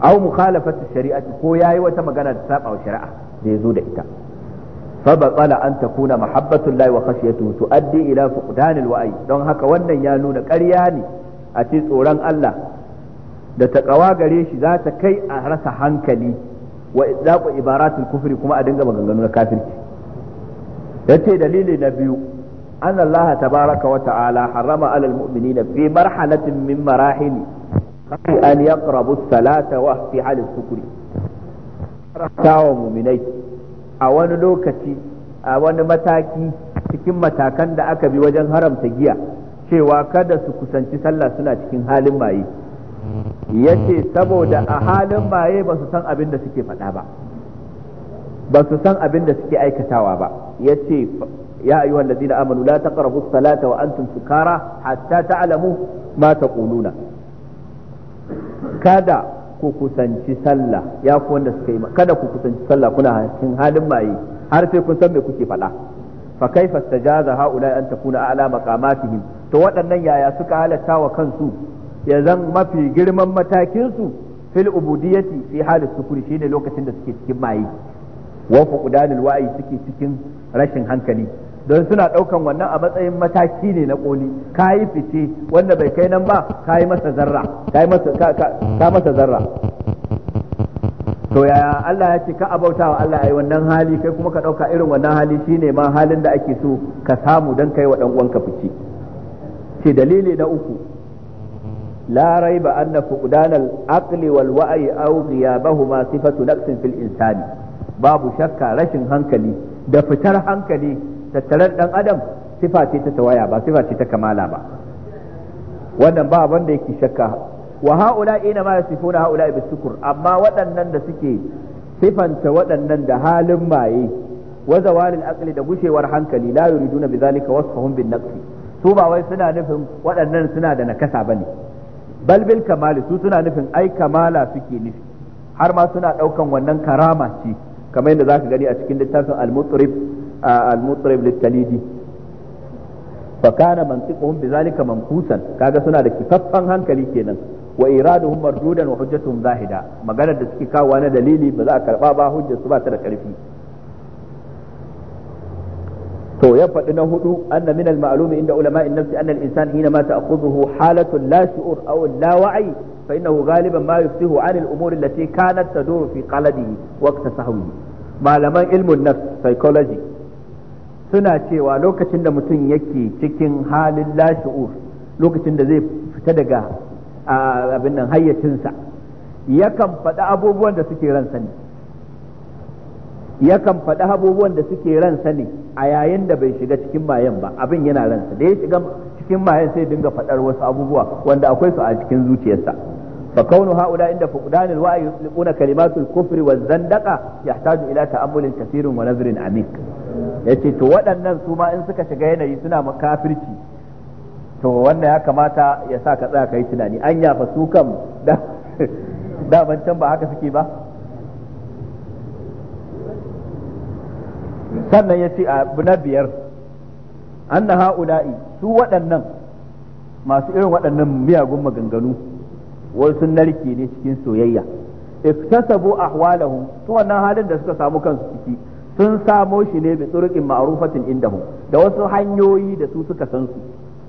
aw mukhalafatu shari'ati ko yayi wata magana da saba shari'a da yazo da ita fa batala an takuna mahabbatu llahi wa khashyatuhu tuaddi ila fuqdanil wa'i don haka wannan ya nuna ƙarya ne a ce tsoron Allah da taqawa gare shi za ta kai a rasa hankali wa idzaqu ibaratul kufri kuma a dinga maganganu na kafirci yace dalili na biyu أن الله تبارك وتعالى حرم على المؤمنين في مرحلة من مراحل أن يقربوا الصلاة وفي حال السكر تاوى مؤمنين أوان لوكتي أوان متاكي cikin matakan da aka bi wajen haramta giya cewa kada su kusanci sallah suna cikin halin maye yace saboda a halin maye ba su san abin da suke faɗa ba ba su san abin da suke aikatawa ba yace ya ayyuhal ladina amanu la ta as-salata wa antum sukara hatta ta alamu taquluna kada ku kada ku kusanci sallah kuna cikin halin maye har sai kun san me kuke faɗa fa kaifa istajaza haula an takuna a'la maqamatihim to waɗannan yaya suka halarta wa kansu ya zan mafi girman matakin su fil ubudiyyati fi halin sukuri shine lokacin da suke cikin maye wa fuqdanul suke cikin rashin hankali don suna ɗaukan wannan a matsayin mataki ne na ƙoli ka yi fice wanda bai kai nan ba ka yi masa zarra ka masa zarra to yaya Allah ya ce ka abauta wa Allah ai wannan hali kai kuma ka ɗauka irin wannan hali shine ma halin da ake so ka samu don kai wa ɗan uwanka fice ce dalili na uku la raiba anna fuqdan al-aqli wal wa'i aw ghiyabahuma sifatu naqsin fil insani babu shakka rashin hankali da fitar hankali Tattalar dan adam sifa ce ta tawaya ba sifa ce ta kamala ba wannan ba abin yake shakka wa haula ina ma yasifuna haula bi sukur amma waɗannan da suke sifanta waɗannan da halin maye wa zawalil aqli da gushewar hankali la yuriduna bidhalika wasfahum bin naqsi su ba wai suna nufin waɗannan suna da nakasa bane bal bil kamali su suna nufin ai kamala suke nufi har ma suna ɗaukan wannan karama ce kamar yadda zaka gani a cikin littafin al-mutrib آه، المطرب للتليدي فكان منطقهم بذلك منقوسا كاغا سنا دا كفافان هانكلي كينان وإرادهم مردودا وحجتهم زاهدة ما قال دا سكي كاوا دليلي بزا كربا با حجة سبا ترى كرفي تو يفت هدو أن من المعلوم ان علماء النفس أن الإنسان حينما تأخذه حالة لا شعور أو لا وعي فإنه غالبا ما يفتيه عن الأمور التي كانت تدور في قلبه وقت سهوه ما لما علم النفس سيكولوجي suna cewa lokacin da mutum yake cikin halin lashu'ur lokacin da zai fita daga abin nan hayyacinsa yakan faɗi abubuwan da suke ransa ne yakan faɗi abubuwan da suke ransa ne a yayin da bai shiga cikin mayan ba abin yana ransa da ya shiga cikin mayan sai dinga faɗar wasu abubuwa wanda akwai su a cikin zuciyarsa fa kaunu haula inda fuqdan alwa'i yusliquna kalimatul kufri waz zandaqa yahtaju ila ta'ammulin kaseerin wa nazrin amik yace to waɗannan su ma in suka shiga yanayi suna makafirci to wannan ya kamata ya sa ka tsaya yi tunani an yafa su kan da can ba haka suke ba sannan ya ce abu na biyar an anna ha'ula'i su waɗannan masu irin waɗannan miyagun maganganu wai sun narke ne cikin soyayya iktasabu ahwalahum to wannan halin da suka samu kansu ciki sun samo shi ne bi turuqin ma'rufatin indahum da wasu hanyoyi da su suka san su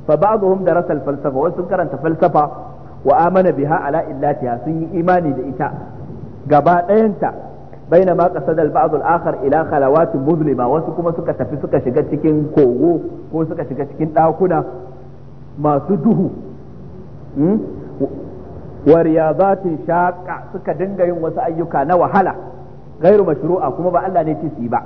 fa ba'dhum darasa al-falsafa wasu sun karanta falsafa wa amana biha ala illatiha sun yi imani da ita gaba ɗayanta baina qasada al-ba'd al-akhar ila khalawat muzlima wasu kuma suka tafi suka shiga cikin kogo ko suka shiga cikin ɗakuna masu duhu hmm? wa riyazatin shaqa suka dinga yin wasu ayyuka na wahala ghairu mashru'a kuma ba Allah ne ce su yi ba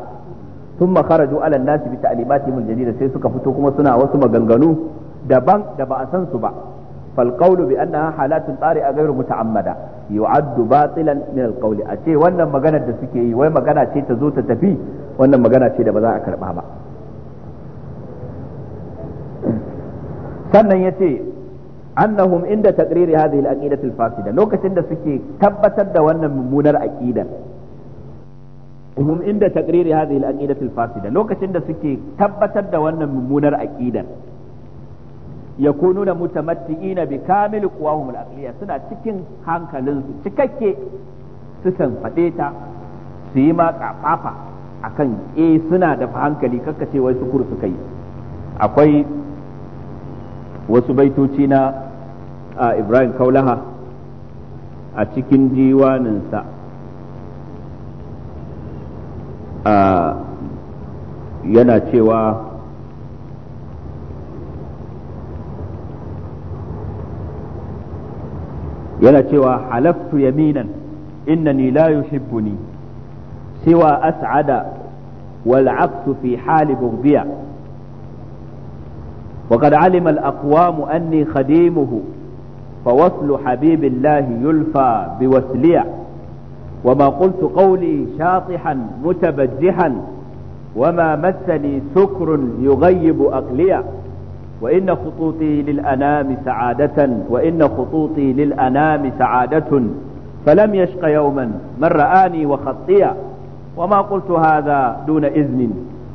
thumma kharaju ala an-nasi bi ta'limatihim al-jadida sai suka fito kuma suna wasu maganganu daban da ba a san su ba فالقول بأنها حالات طارئة غير متعمدة يعد باطلا من القول magana ce ta zo ta tafi wannan magana ce da ba za a أكرمها ba. sannan ya ce annahum inda taqriri hadhihi al-aqidatu al-fasida lokacin da suke tabbatar da wannan mummunar aqidar hum takriri taqriri hadhihi al-aqidati al-fasida lokacin da suke tabbatar da wannan mummunar aqidar yakununa mutamatti'ina bi kamil quwahum al-aqliya suna cikin hankalinsu cikakke sukan faɗe ta su yi ma kafafa akan e suna da hankali kakkace wai sukur suka yi akwai wasu baitoci na a Ibrahim Kaulaha a cikin diwaninsa yana cewa yana cewa halaftu yaminan innani la yuhibbuni siwa as'ada والعبث في حال بغضية وقد علم الأقوام أني خديمه فوصل حبيب الله يلفى بوسلية وما قلت قولي شاطحا متبجحا وما مسني سكر يغيب أقليا وإن خطوطي للأنام سعادة وإن خطوطي للأنام سعادة فلم يشق يوما من رآني وخطيا وما قلت هذا دون إذن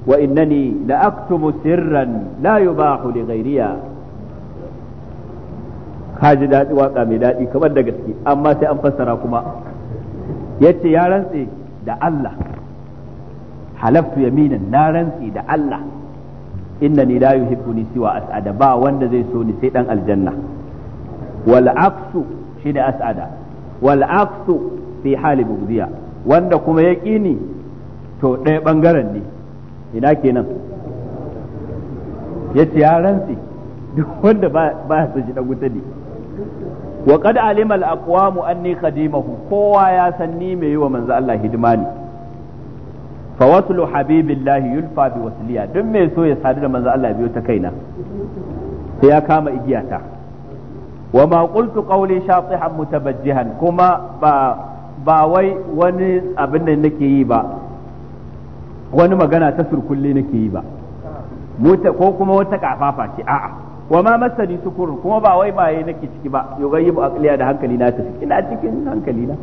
وإنني لأكتم سرا لا يباح لغيريا kaji daɗi waƙa mai daɗi kamar أما gaske yace ya rantse da Allah halaftu yaminan na rantsi da Allah inna ni la yuhibbuni siwa as'ada ba wanda zai so ni sai dan aljanna wal aksu shi da as'ada wal aksu fi hali bugdiya wanda kuma ya ni to ɗaya bangaren ne ina kenan yace ya rantsi duk wanda ba ba so shi dan wuta ne wa qad alima al aqwamu anni khadimahu kowa ya san ni me yiwa manzo Allah hidima ne fa waslu habibillahi yulfa bi wasliya duk mai so ya sadu da manzo Allah biyu ta kaina sai ya kama igiya ta. wa ma qultu qawli shatihan mutabajjihan kuma ba wai wani abin wani magana ta surkulle nake yi ba ko kuma wata kafafa ce a'a wa ma masani sukurun kuma ba wai yayi nake ciki ba ba akliya da hankali na tafi ina cikin hankali na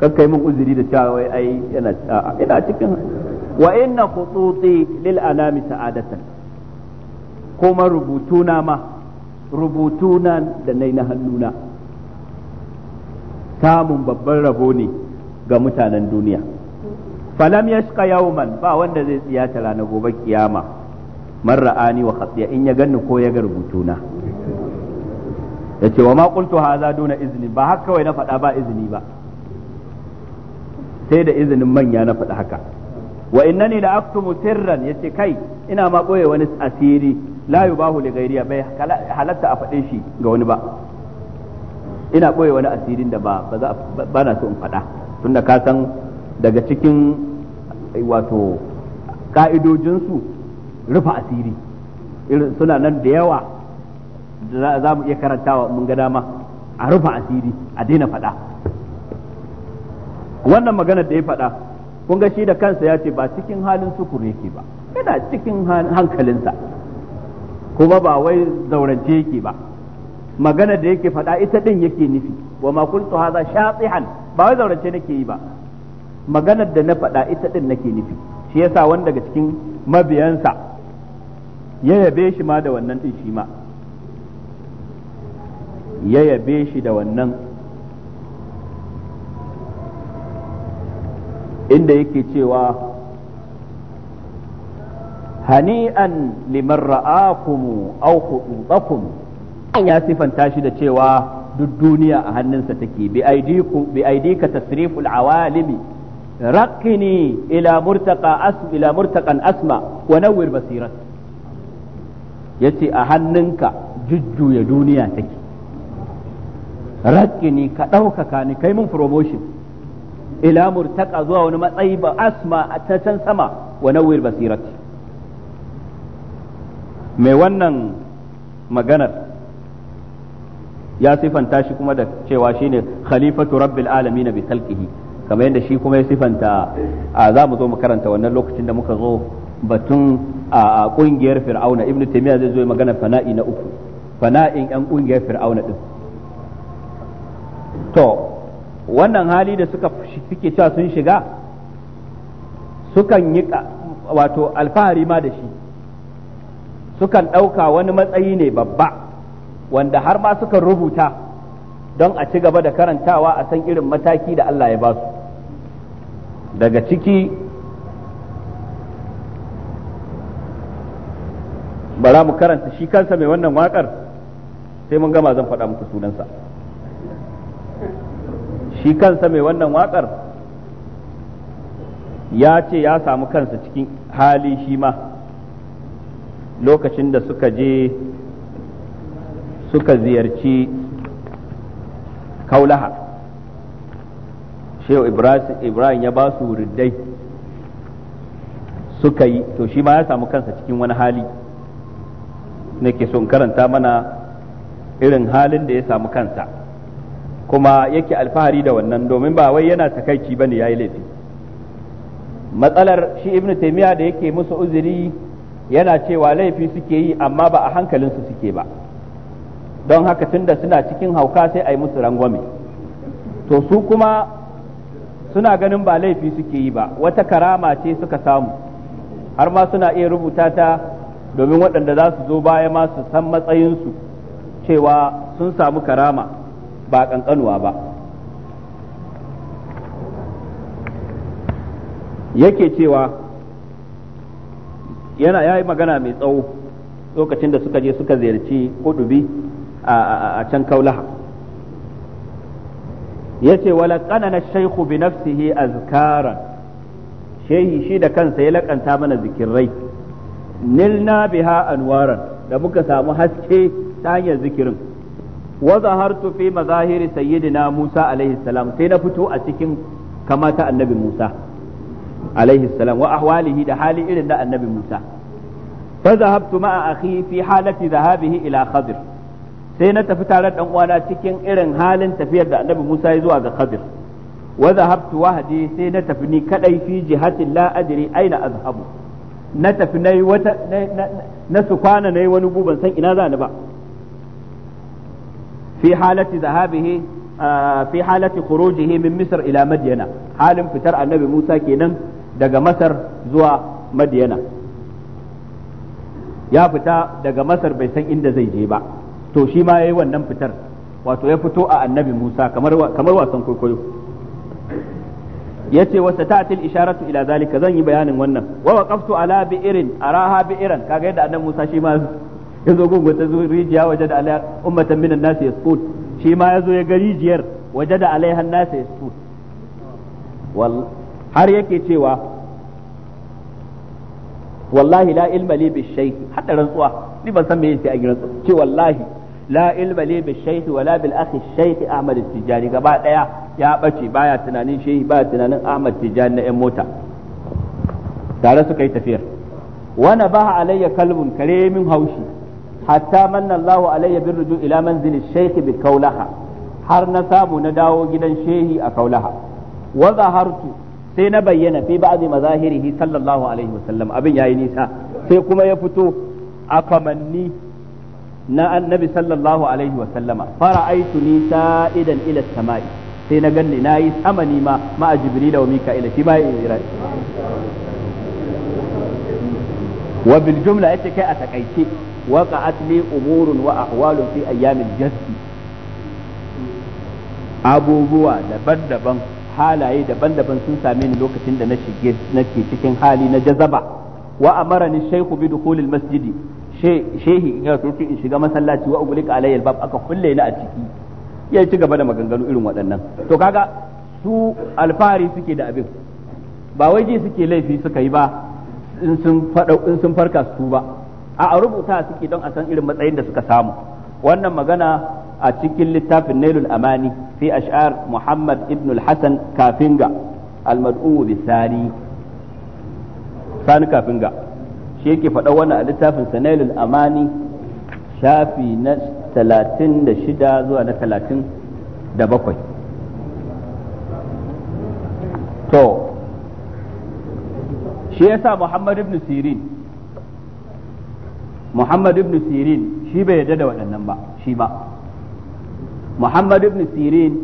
kai min uzuri da cewa wai ai yana ina cikin wa inna khututi lil anami sa'adatan kuma rubutuna ma rubutuna da nai na hannuna samun babban rabo ne ga mutanen duniya falam yashqa yawman ba wanda zai tsiyata ranar gobe kiyama man ra'ani wa khatiya in ya ganni ko ya ga na yace wa ma qultu hadha duna izni ba haka kawai na fada ba izini ba sai da izinin manya na fada haka wa innani la aktumu sirran yace kai ina ma boye wani asiri la yubahu li ghairiya bai halatta a faɗe shi ga wani ba ina boye wani asirin da ba ba za ba na so in fada tunda ka san daga cikin wato ka'idojinsu rufa asiri irin suna nan da yawa za mu iya karantawa mun ga dama a rufa asiri a daina faɗa wannan magana da ya faɗa kun ga shi da kansa ya ce ba cikin halin sukur yake ba yana cikin hankalinsa kuma ba wai zaurance yake ba magana da yake faɗa ita ɗin yake nufi wa ma kuntu hadha shatihan ba wai zaurance nake yi ba maganar da na faɗa ita ɗin nake nufi shi yasa wanda daga cikin mabiyansa ya yabe shi ma da wannan din shi ma ya yabe shi da wannan inda yake cewa hani'an liman ra'akumu au ya sifanta shi da cewa duk duniya a hannunsa take bi aidiku bi aidika tasriful awalimi raqini ila murtaqa asma ila murtaqan asma wa nawwir basirat yace a hannunka jujjuya duniya take raƙini ka ɗaukaka ni kai mun promotion ila murtaka zuwa wani matsayi ba asma a can sama wa nawir basirat mai wannan maganar ya sifanta shi kuma da cewa shine khalifatu rabbil alamin bi khalqihi kamar yadda shi kuma ya sifanta a za mu zo mu karanta wannan lokacin da muka zo batun a kungiyar fir'auna ibn taymiya zai zo magana fana'i na uku fana'in yan kungiyar fir'auna din to wannan hali da suka suke cewa sun shiga sukan yi wato alfahari ma da shi sukan ɗauka wani matsayi ne babba wanda har ma sukan rubuta don a ci gaba da karantawa a san irin mataki da Allah ya ba su daga ciki bara mu karanta shi kansa mai wannan wakar sai mun gama zan faɗa muku sunansa shi kansa mai wannan wakar ya ce ya samu kansa cikin hali shi ma lokacin da suka je suka ziyarci kaulaha shehu ibrahim ya ba su riddai suka yi to shi ma ya samu kansa cikin wani hali nake son karanta mana irin halin da ya samu kansa kuma yake alfahari da wannan domin ba wai yana takaici ba ne ya yi laifi matsalar shi ibnu taimiyya da yake musu uzuri yana cewa laifi suke yi amma ba a hankalinsu suke ba don haka tunda suna cikin hauka sai a yi musu rangwame to su kuma suna ganin ba laifi suke yi ba wata karama ce suka samu har ma suna iya rubuta ta domin waɗanda za su zo baya ma su san matsayinsu cewa sun samu karama ba ƙanƙanuwa ba yake cewa yana ya yi magana mai tsawo lokacin da suka je suka ziyarci kudubi a can kaulaha ya ce wala ƙanana shaihu bi nafsihi azkaran shehi shi da kansa ya laƙanta mana zikirai nilna biha anwaran da muka samu haske ta hanyar zikirin wa zahartu fi mazahiri sayyidina Musa alaihi salam sai na fito a cikin kamata annabi Musa alaihi salam wa ahwalihi da hali irin na annabi Musa fa zahabtu ma'a akhi fi halati zahabihi ila Khadir sai na tafi tare da uwana cikin irin halin tafiyar da annabi Musa ya zuwa ga Khadir wa zahabtu wahdi sai na tafi ni kadai fi jihati la adri aina azhabu na tafi na yi wata na su kwana na yi wani guban san ina za ni ba fi halati zahabihi fi halati khurujihi min misr ila madyana halin fitar annabi Musa kenan daga Masar zuwa Madyana ya fita daga Masar bai san inda zai je ba to shi ma yayi wannan fitar wato ya fito a annabi Musa kamar kamar wasan kwaikwayo yace wa sata'til isharatu ila zalika zan yi bayanin wannan wa waqaftu ala bi'irin araha bi'iran kaga yadda annabi Musa shi ma yazo gungu ta rijiya waje da ala ummatan minan nasi yasqut shi ma yazo ya ga rijiyar waje da alaiha nasi yasqut wal har yake cewa wallahi la ilma li bi shaykh hatta rantsuwa ni ban san me yake a gidan ce wallahi la ilma li bi shaykh wala bil akhi shaykh Ahmad Tijani gaba daya ya ɓace baya tunanin shehi baya tunanin Ahmad Tijani na yan mota tare suka yi tafiyar wana baha alayya kalbun kare min haushi hatta manna Allah alayya bin ruju ila manzili shaykh bi kaulaha har na samu na dawo gidan shehi a kaulaha wa zahartu sai na bayyana fi ba'dhi mazahirihi sallallahu alaihi wasallam abin yayi nisa sai kuma ya fito a kamanni na annabi sallallahu alaihi wasallama fara'aitu nisa idan ila sama'i sai na ganni na yi sama ma ma'a jibrila wa mika'ila shi ma ya isra'i wa bil jumla yace kai a takaice waqa'at li umurun wa ahwalun fi ayyamil jazbi abubuwa daban-daban halaye daban-daban sun same ni lokacin da na shige nake cikin hali na jazaba wa amara ni shaykhu bi dukhulil masjidi shehi in ya in shiga masallaci wa ugulika alayya aka kulle ni a ciki ya ci gaba da maganganu irin waɗannan to kaga su alfahari suke da abin ba wai ji suke laifi suka yi ba in sun farka su ba a rubuta suke don a san irin matsayin da suka samu wannan magana a cikin littafin nailul amani fi ash'ar muhammad ibn hassan hasan kafinga almad'u madu bisani sani kafinga shi yake faɗa wannan a littafin sa nailul amani shafi na talatin da shida zuwa na talatin da bakwai to shi ya sa Muhammadu ibn sirin Muhammadu ibn sirin shi bai yarda da waɗannan ba shi ba Muhammadu ibn sirin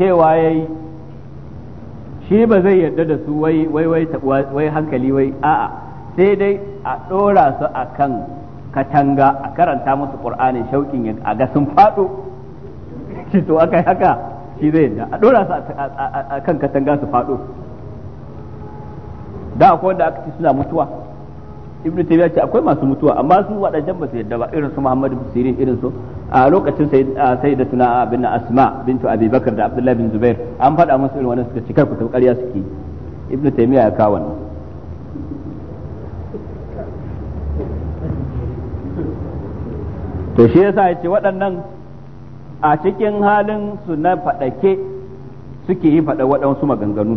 cewa ya yi shi ba zai yarda da su wai wai wai hankali wai a'a sai dai a ɗora su a kan katanga a karanta musu qur'anin shaukin a ga sun faɗo shi to akai haka shi zai yadda a dora su a kan katanga su faɗo da akwai wanda aka ci suna mutuwa ibnu ya ce akwai masu mutuwa amma su waɗancan ba su yadda ba irin su Muhammadu bin sirin irin su a lokacin sayyidatuna bin asma bintu abi bakar da abdullahi bin zubair an faɗa musu irin wannan suka ci kar ku ƙarya suke ibnu taymiya ya kawo wannan to shi yasa ya ce waɗannan a cikin halin su na faɗake suke yi faɗa waɗansu maganganu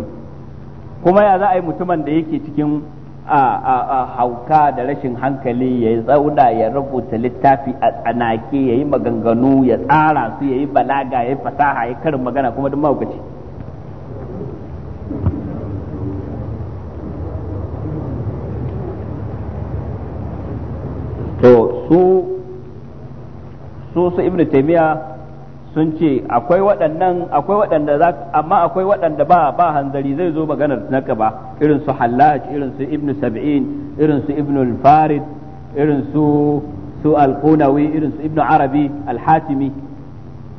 kuma ya za a yi mutumin da yake cikin a hauka da rashin hankali ya yi tsauna ya rubuta littafi a tsanake ya yi maganganu ya tsara su ya yi balaga ya yi fasaha ya karin magana kuma duk mahaukaci to su su su ibnu taymiya sun ce akwai waɗannan akwai waɗanda za amma akwai waɗanda ba ba hanzari zai zo maganar na gaba irin su hallaj irin su ibnu sab'in irin su ibnu al-farid irin su su al-qunawi irin su ibnu arabi al-hatimi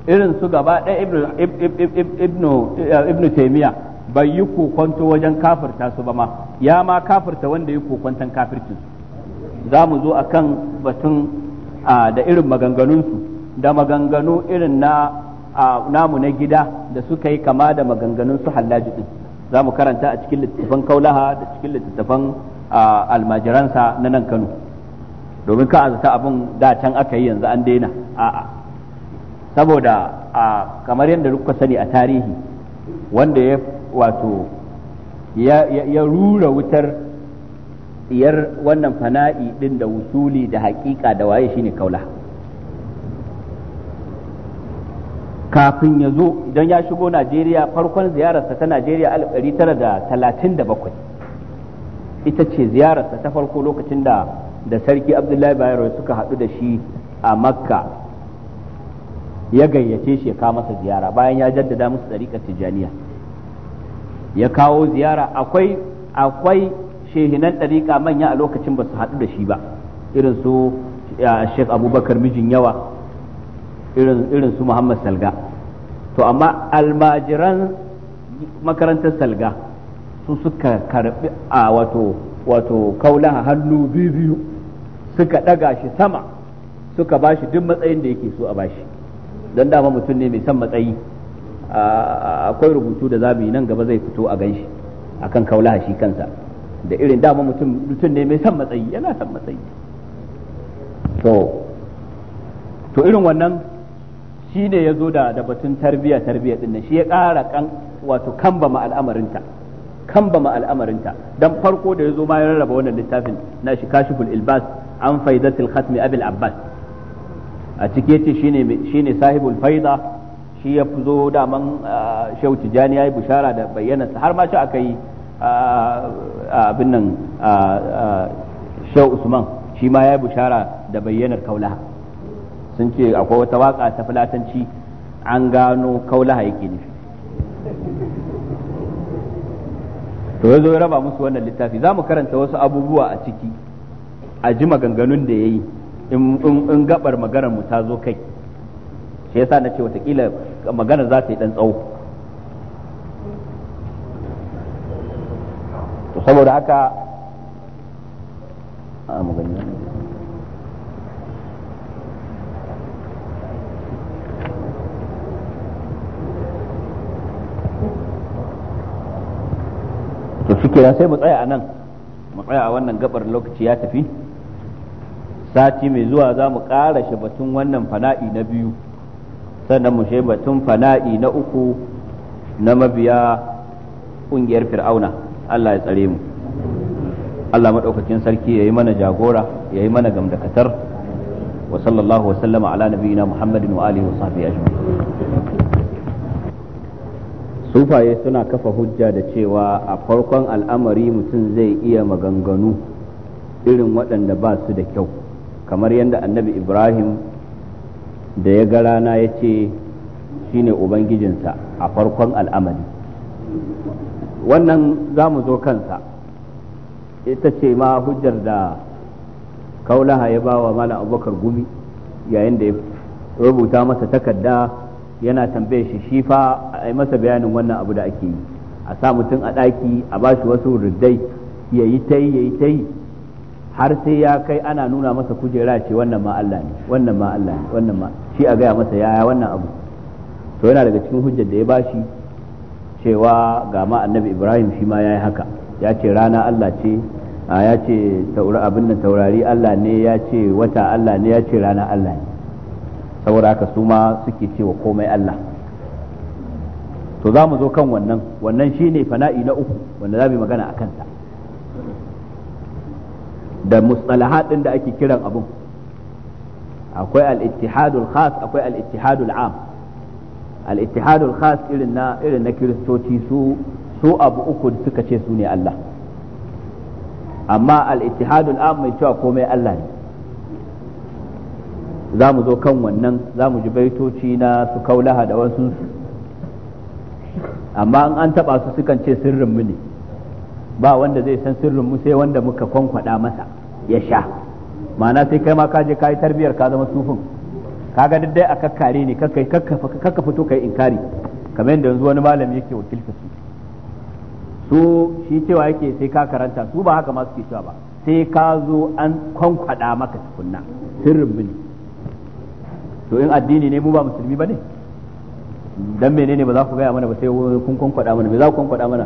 irin su gaba ɗaya ibnu ibnu eh, taymiya bai yi kokonto wajen kafirta su ba ma ya ma kafirta wanda yi kokonton kafircin za mu zo akan batun ah, da irin maganganunsu da maganganu irin na namu na gida da suka yi kama da maganganun su hallaji din za mu karanta a cikin littattafan kaulaha da cikin littattafan almajiransa na nan kano domin ka azata abin da can aka yi yanzu an daina a'a saboda kamar yadda kuka sani a tarihi wanda ya wato ya rura wutar yar wannan fana'i din da wusuli da hakika da waye shine kaulaha kafin ya zo idan ya shigo Najeriya farkon ziyararsa ta Najeriya 1937 ita ce ziyararsa ta farko lokacin da da sarki Abdullahi Bayero suka haɗu da shi a Makka ya gayyace shi ya kawo masa ziyara bayan ya jaddada musu tsarikar tijaniya ya kawo ziyara akwai akwai shehinan ɗariƙa manya a lokacin ba su haɗu da shi ba irin su Sheikh Abubakar mijin yawa irin su Muhammad Salga to amma almajiran makarantar Salga su suka karbi a wato wato kaulaha hannu biyu biyu suka daga shi sama suka bashi duk matsayin da yake so a bashi don dama mutum ne mai son matsayi akwai rubutu da zamu yi nan gaba zai fito a ganshi akan kaulaha shi kansa da irin dama mutum mutum ne mai son matsayi yana son matsayi to to irin wannan shi ne ya zo da da batun tarbiyya tarbiyya din shi ya ƙara kan wato kambama al'amarinta kambama al'amarinta dan farko da ya zo ma ya rarraba wannan littafin na shi kashiful ilbas an faidatul khatmi abil abbas a cike ce shine shine sahibul faida shi ya zo daman shehu tijani ya yi bushara da bayyana har ma shi aka yi abin nan shehu usman shi ma ya yi bushara da bayyanar kaulaha sun ce akwai wata waka ta fulatanci an gano kaulaha yake nufi to yanzu ya raba musu wannan littafi za mu karanta wasu abubuwa a ciki a ji maganganun da ya yi in gabar maganar mu ta zo kai shi yasa na ce watakila maganar za ta yi dan tsawo saboda haka a shikenan sai mu tsaya a nan mu tsaya a wannan gabar lokaci ya tafi sati mai zuwa za mu shi batun wannan fana'i na biyu sannan mu batun fana'i na uku na mabiya ƙungiyar fir'auna Allah ya tsare mu Allah maɗaukakin sarki ya yi mana jagora ya yi mana gamdakatar wa sallallahu wa sallama ala nabiyina muhammadin wa alihi wa sahbihi ajma'in sufaye suna kafa hujja da cewa a farkon al'amari mutum zai iya maganganu irin waɗanda ba su da kyau kamar yadda annabi ibrahim da ya ga rana ya ce shi ne ubangijinsa a farkon al'amari wannan za mu zo kansa ita ce ma hujjar da kaulaha ya ba wa malam abokar gumi yayin da ya rubuta masa takarda yana tambaye shi shi fa a yi masa bayanin wannan abu da ake yi a sa mutum a ɗaki a ba shi wasu riddai ya yi ta yi ya yi ta yi har sai ya kai ana nuna masa kujera ce wannan ma Allah ne wannan ma Allah ne wannan ma shi a gaya masa yaya wannan abu to yana daga cikin hujjar da ya ba shi cewa ga ma annabi Ibrahim shi ma yayi haka ya ce rana Allah ce ya ce abin nan taurari Allah ne ya ce wata Allah ne ya ce rana Allah ne saboda haka su ma suke cewa komai Allah to za mu zo kan wannan wannan shine fana'i na uku wanda za mu magana a kanta da mustalahat ɗin da ake kiran abun akwai al-ittihadul khas akwai al-ittihadul am al-ittihadul khas irin na irin na kiristoci su su abu uku suka ce su ne Allah amma al-ittihadul am mai cewa komai Allah ne za mu zo kan wannan za mu ji baitoci na su kaulaha da wasu amma in an taba su sukan ce sirrinmu ne ba wanda zai san sirrinmu sai wanda muka kwankwada masa ya sha ma'ana sai kai ma kaje kayi tarbiyar ka zama sufin kaga duk dai a kakkare ne kakka fito kai inkari kamar yadda yanzu wani malami yake wakilta su su shi cewa yake sai ka karanta su ba haka ma suke cewa ba sai ka zo an kwankwada maka tukunna sirrinmu ne to in addini ne mu ba musulmi bane dan menene ba za ku gaya mana ba sai kun kwada mana me za ku kwada mana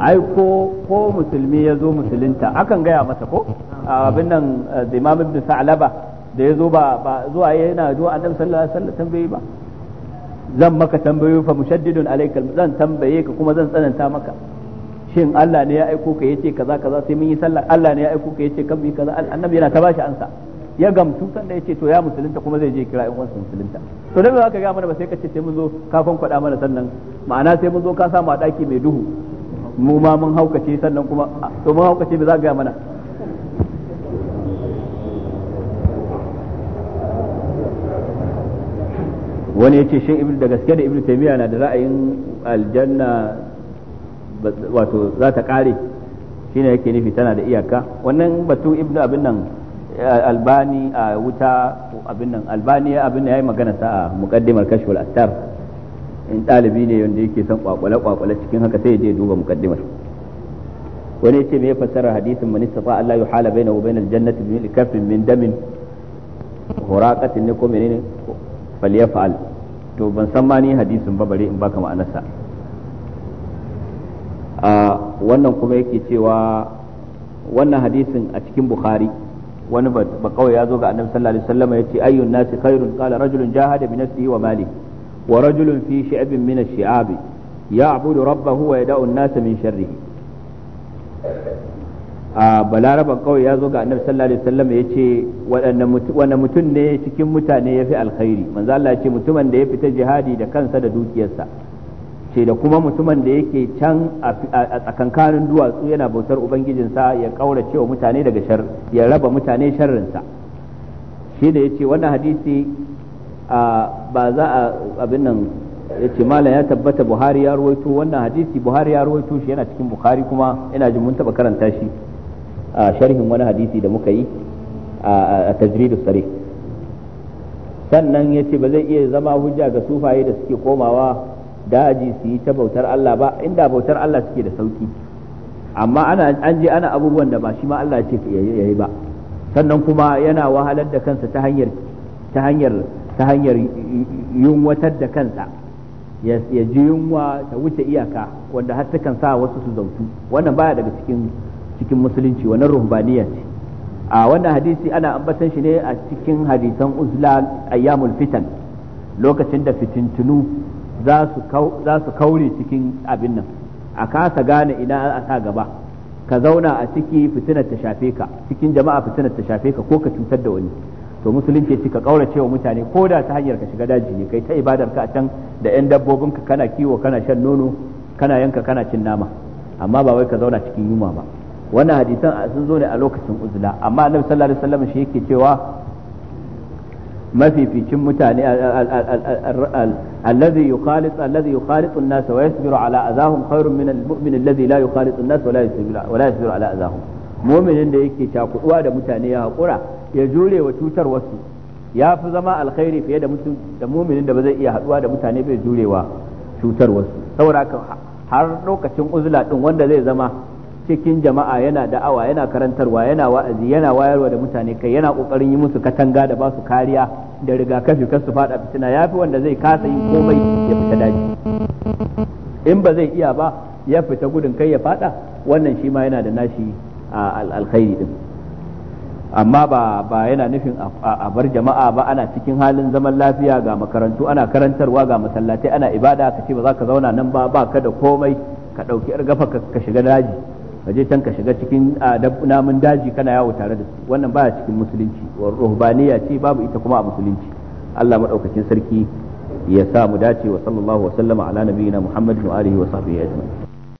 ai ko ko musulmi ya zo musulunta akan gaya masa ko abin nan eh, imam ibn sa'laba da ya zo ba ba zuwa yana zuwa annabi sallallahu alaihi wasallam tambaye ba zan maka tambayo fa mushaddidun alayka zan tambaye ka kuma zan tsananta maka shin Allah ne ya aiko ka yace kaza kaza sai mun yi sallah Allah ne ya aiko ka yace kan bi kaza annabi yana ta bashi ansa ya gamsu sannan ya ce to ya musulunta kuma zai je kira in uwansa musulunta to dan za ka ga mana ba sai ka ce sai mun zo kafin kwada mana sannan ma'ana sai mun zo ka sa mu a daki mai duhu mu ma mun haukace sannan kuma to mun haukace ba za ga mana wani ya ce shin ibnu da gaske da ibnu taymiya na da ra'ayin aljanna wato za ta kare shine yake nufi tana da iyaka wannan batu ibnu abin nan albani a wuta abin nan albani abin da ya yi magana sa a mukaddimar kashful astar in ɗalibi ne wanda yake son kwakwale kwakwale cikin haka sai ya je duba mukaddimar wani ce me ya fassara hadisin man istafa Allah ya hala bainahu bainal jannati bi kafin min damin huraqatin ne ko menene falyafal to ban san ma ni hadisin ba bare in baka ma'anarsa a wannan kuma yake cewa wannan hadisin a cikin bukhari wani ba kawai ya zo ga annabi sallallahu alaihi wasallam ya ce ayyun nasi khairun qala rajulun jahada bi nafsihi wa mali wa rajulun fi shi'abin min ash-shi'ab ya'budu rabbahu wa yad'u an-nasa min sharrihi a balaraban kawai ya zo ga annabi sallallahu alaihi wasallam ya ce wani mutum ne cikin mutane ya fi alkhairi manzo Allah ya ce mutumin da ya fita jihadi da kansa da dukiyarsa ce da kuma mutumin da yake can a tsakankanin duwatsu yana bautar ubangijinsa ya kaura cewa mutane daga shar ya raba mutane sharrinsa shi da yace wannan hadisi ba za a abin nan yace malam ya tabbata buhari ya ruwaito wannan hadisi buhari ya ruwaito shi yana cikin bukhari kuma ina jin mun taba karanta shi a sharhin wani hadisi da muka yi a tajridus sare sannan yace ba zai iya zama hujja ga sufaye da suke komawa daji su yi ta bautar Allah ba inda bautar Allah suke da sauki amma ana an je ana abubuwan da ba shi ma Allah ce ya yi ba sannan kuma yana wahalar da kansa ta hanyar ta hanyar ta hanyar yunwatar da kansa ya ji yunwa ta wuce iyaka wanda har takan sa wasu su zautu wannan baya daga cikin cikin musulunci wannan ruhbaniya ce a wannan hadisi ana ambatan shi ne a cikin hadisan uzla ayyamul fitan lokacin da fitintunu za su kaure cikin abin nan a kasa gane ina a sa gaba ka zauna a ciki fitinar ta shafe ka cikin jama'a fitinar ta shafe ka ko ka cutar da wani to musulunci ce ka kaurace wa mutane ko da ta hanyar ka shiga daji ne kai ta ibadar ka a can da yan dabbobin ka kana kiwo kana shan nono kana yanka kana cin nama amma ba wai ka zauna cikin yunwa ba wannan hadisan sun zo ne a lokacin uzula amma annabi sallallahu alaihi wasallam shi yake cewa mafificin mutane allazi yukhalit allazi yukhalitu an-nas wa yasbiru ala azahum khairun min al-mu'min allazi la yukhalitu an-nas wa la yasbiru wa la da mutane ya hakura ya jure cutar wasu ya fi zama alkhairi fiye da mutum da ba zai iya haduwa da mutane bai jurewa cutar wasu har lokacin uzla din wanda zai zama cikin jama'a yana da'awa yana karantarwa yana wa'azi yana wayarwa da mutane kai yana kokarin yi musu katanga da basu kariya da rigakafi kar su fada fitina yafi wanda zai kasa yin komai ya fita daji in ba zai iya ba ya fita gudun kai ya fada wannan shi ma yana da nashi alkhairi din amma ba ba yana nufin a bar jama'a ba ana cikin halin zaman lafiya ga makarantu ana karantarwa ga masallatai ana ibada ce ba za ka zauna nan ba ba ka da komai ka ɗauki 'yar gafa ka shiga daji ka je can ka shiga cikin namun daji kana yawo tare da su wannan baya cikin musulunci wa ruhbaniya ce babu ita kuma a musulunci Allah madaukakin sarki ya sa mu dace wa sallallahu wa sallama ala nabiyina Muhammadin wa alihi wa sahbihi ajma'in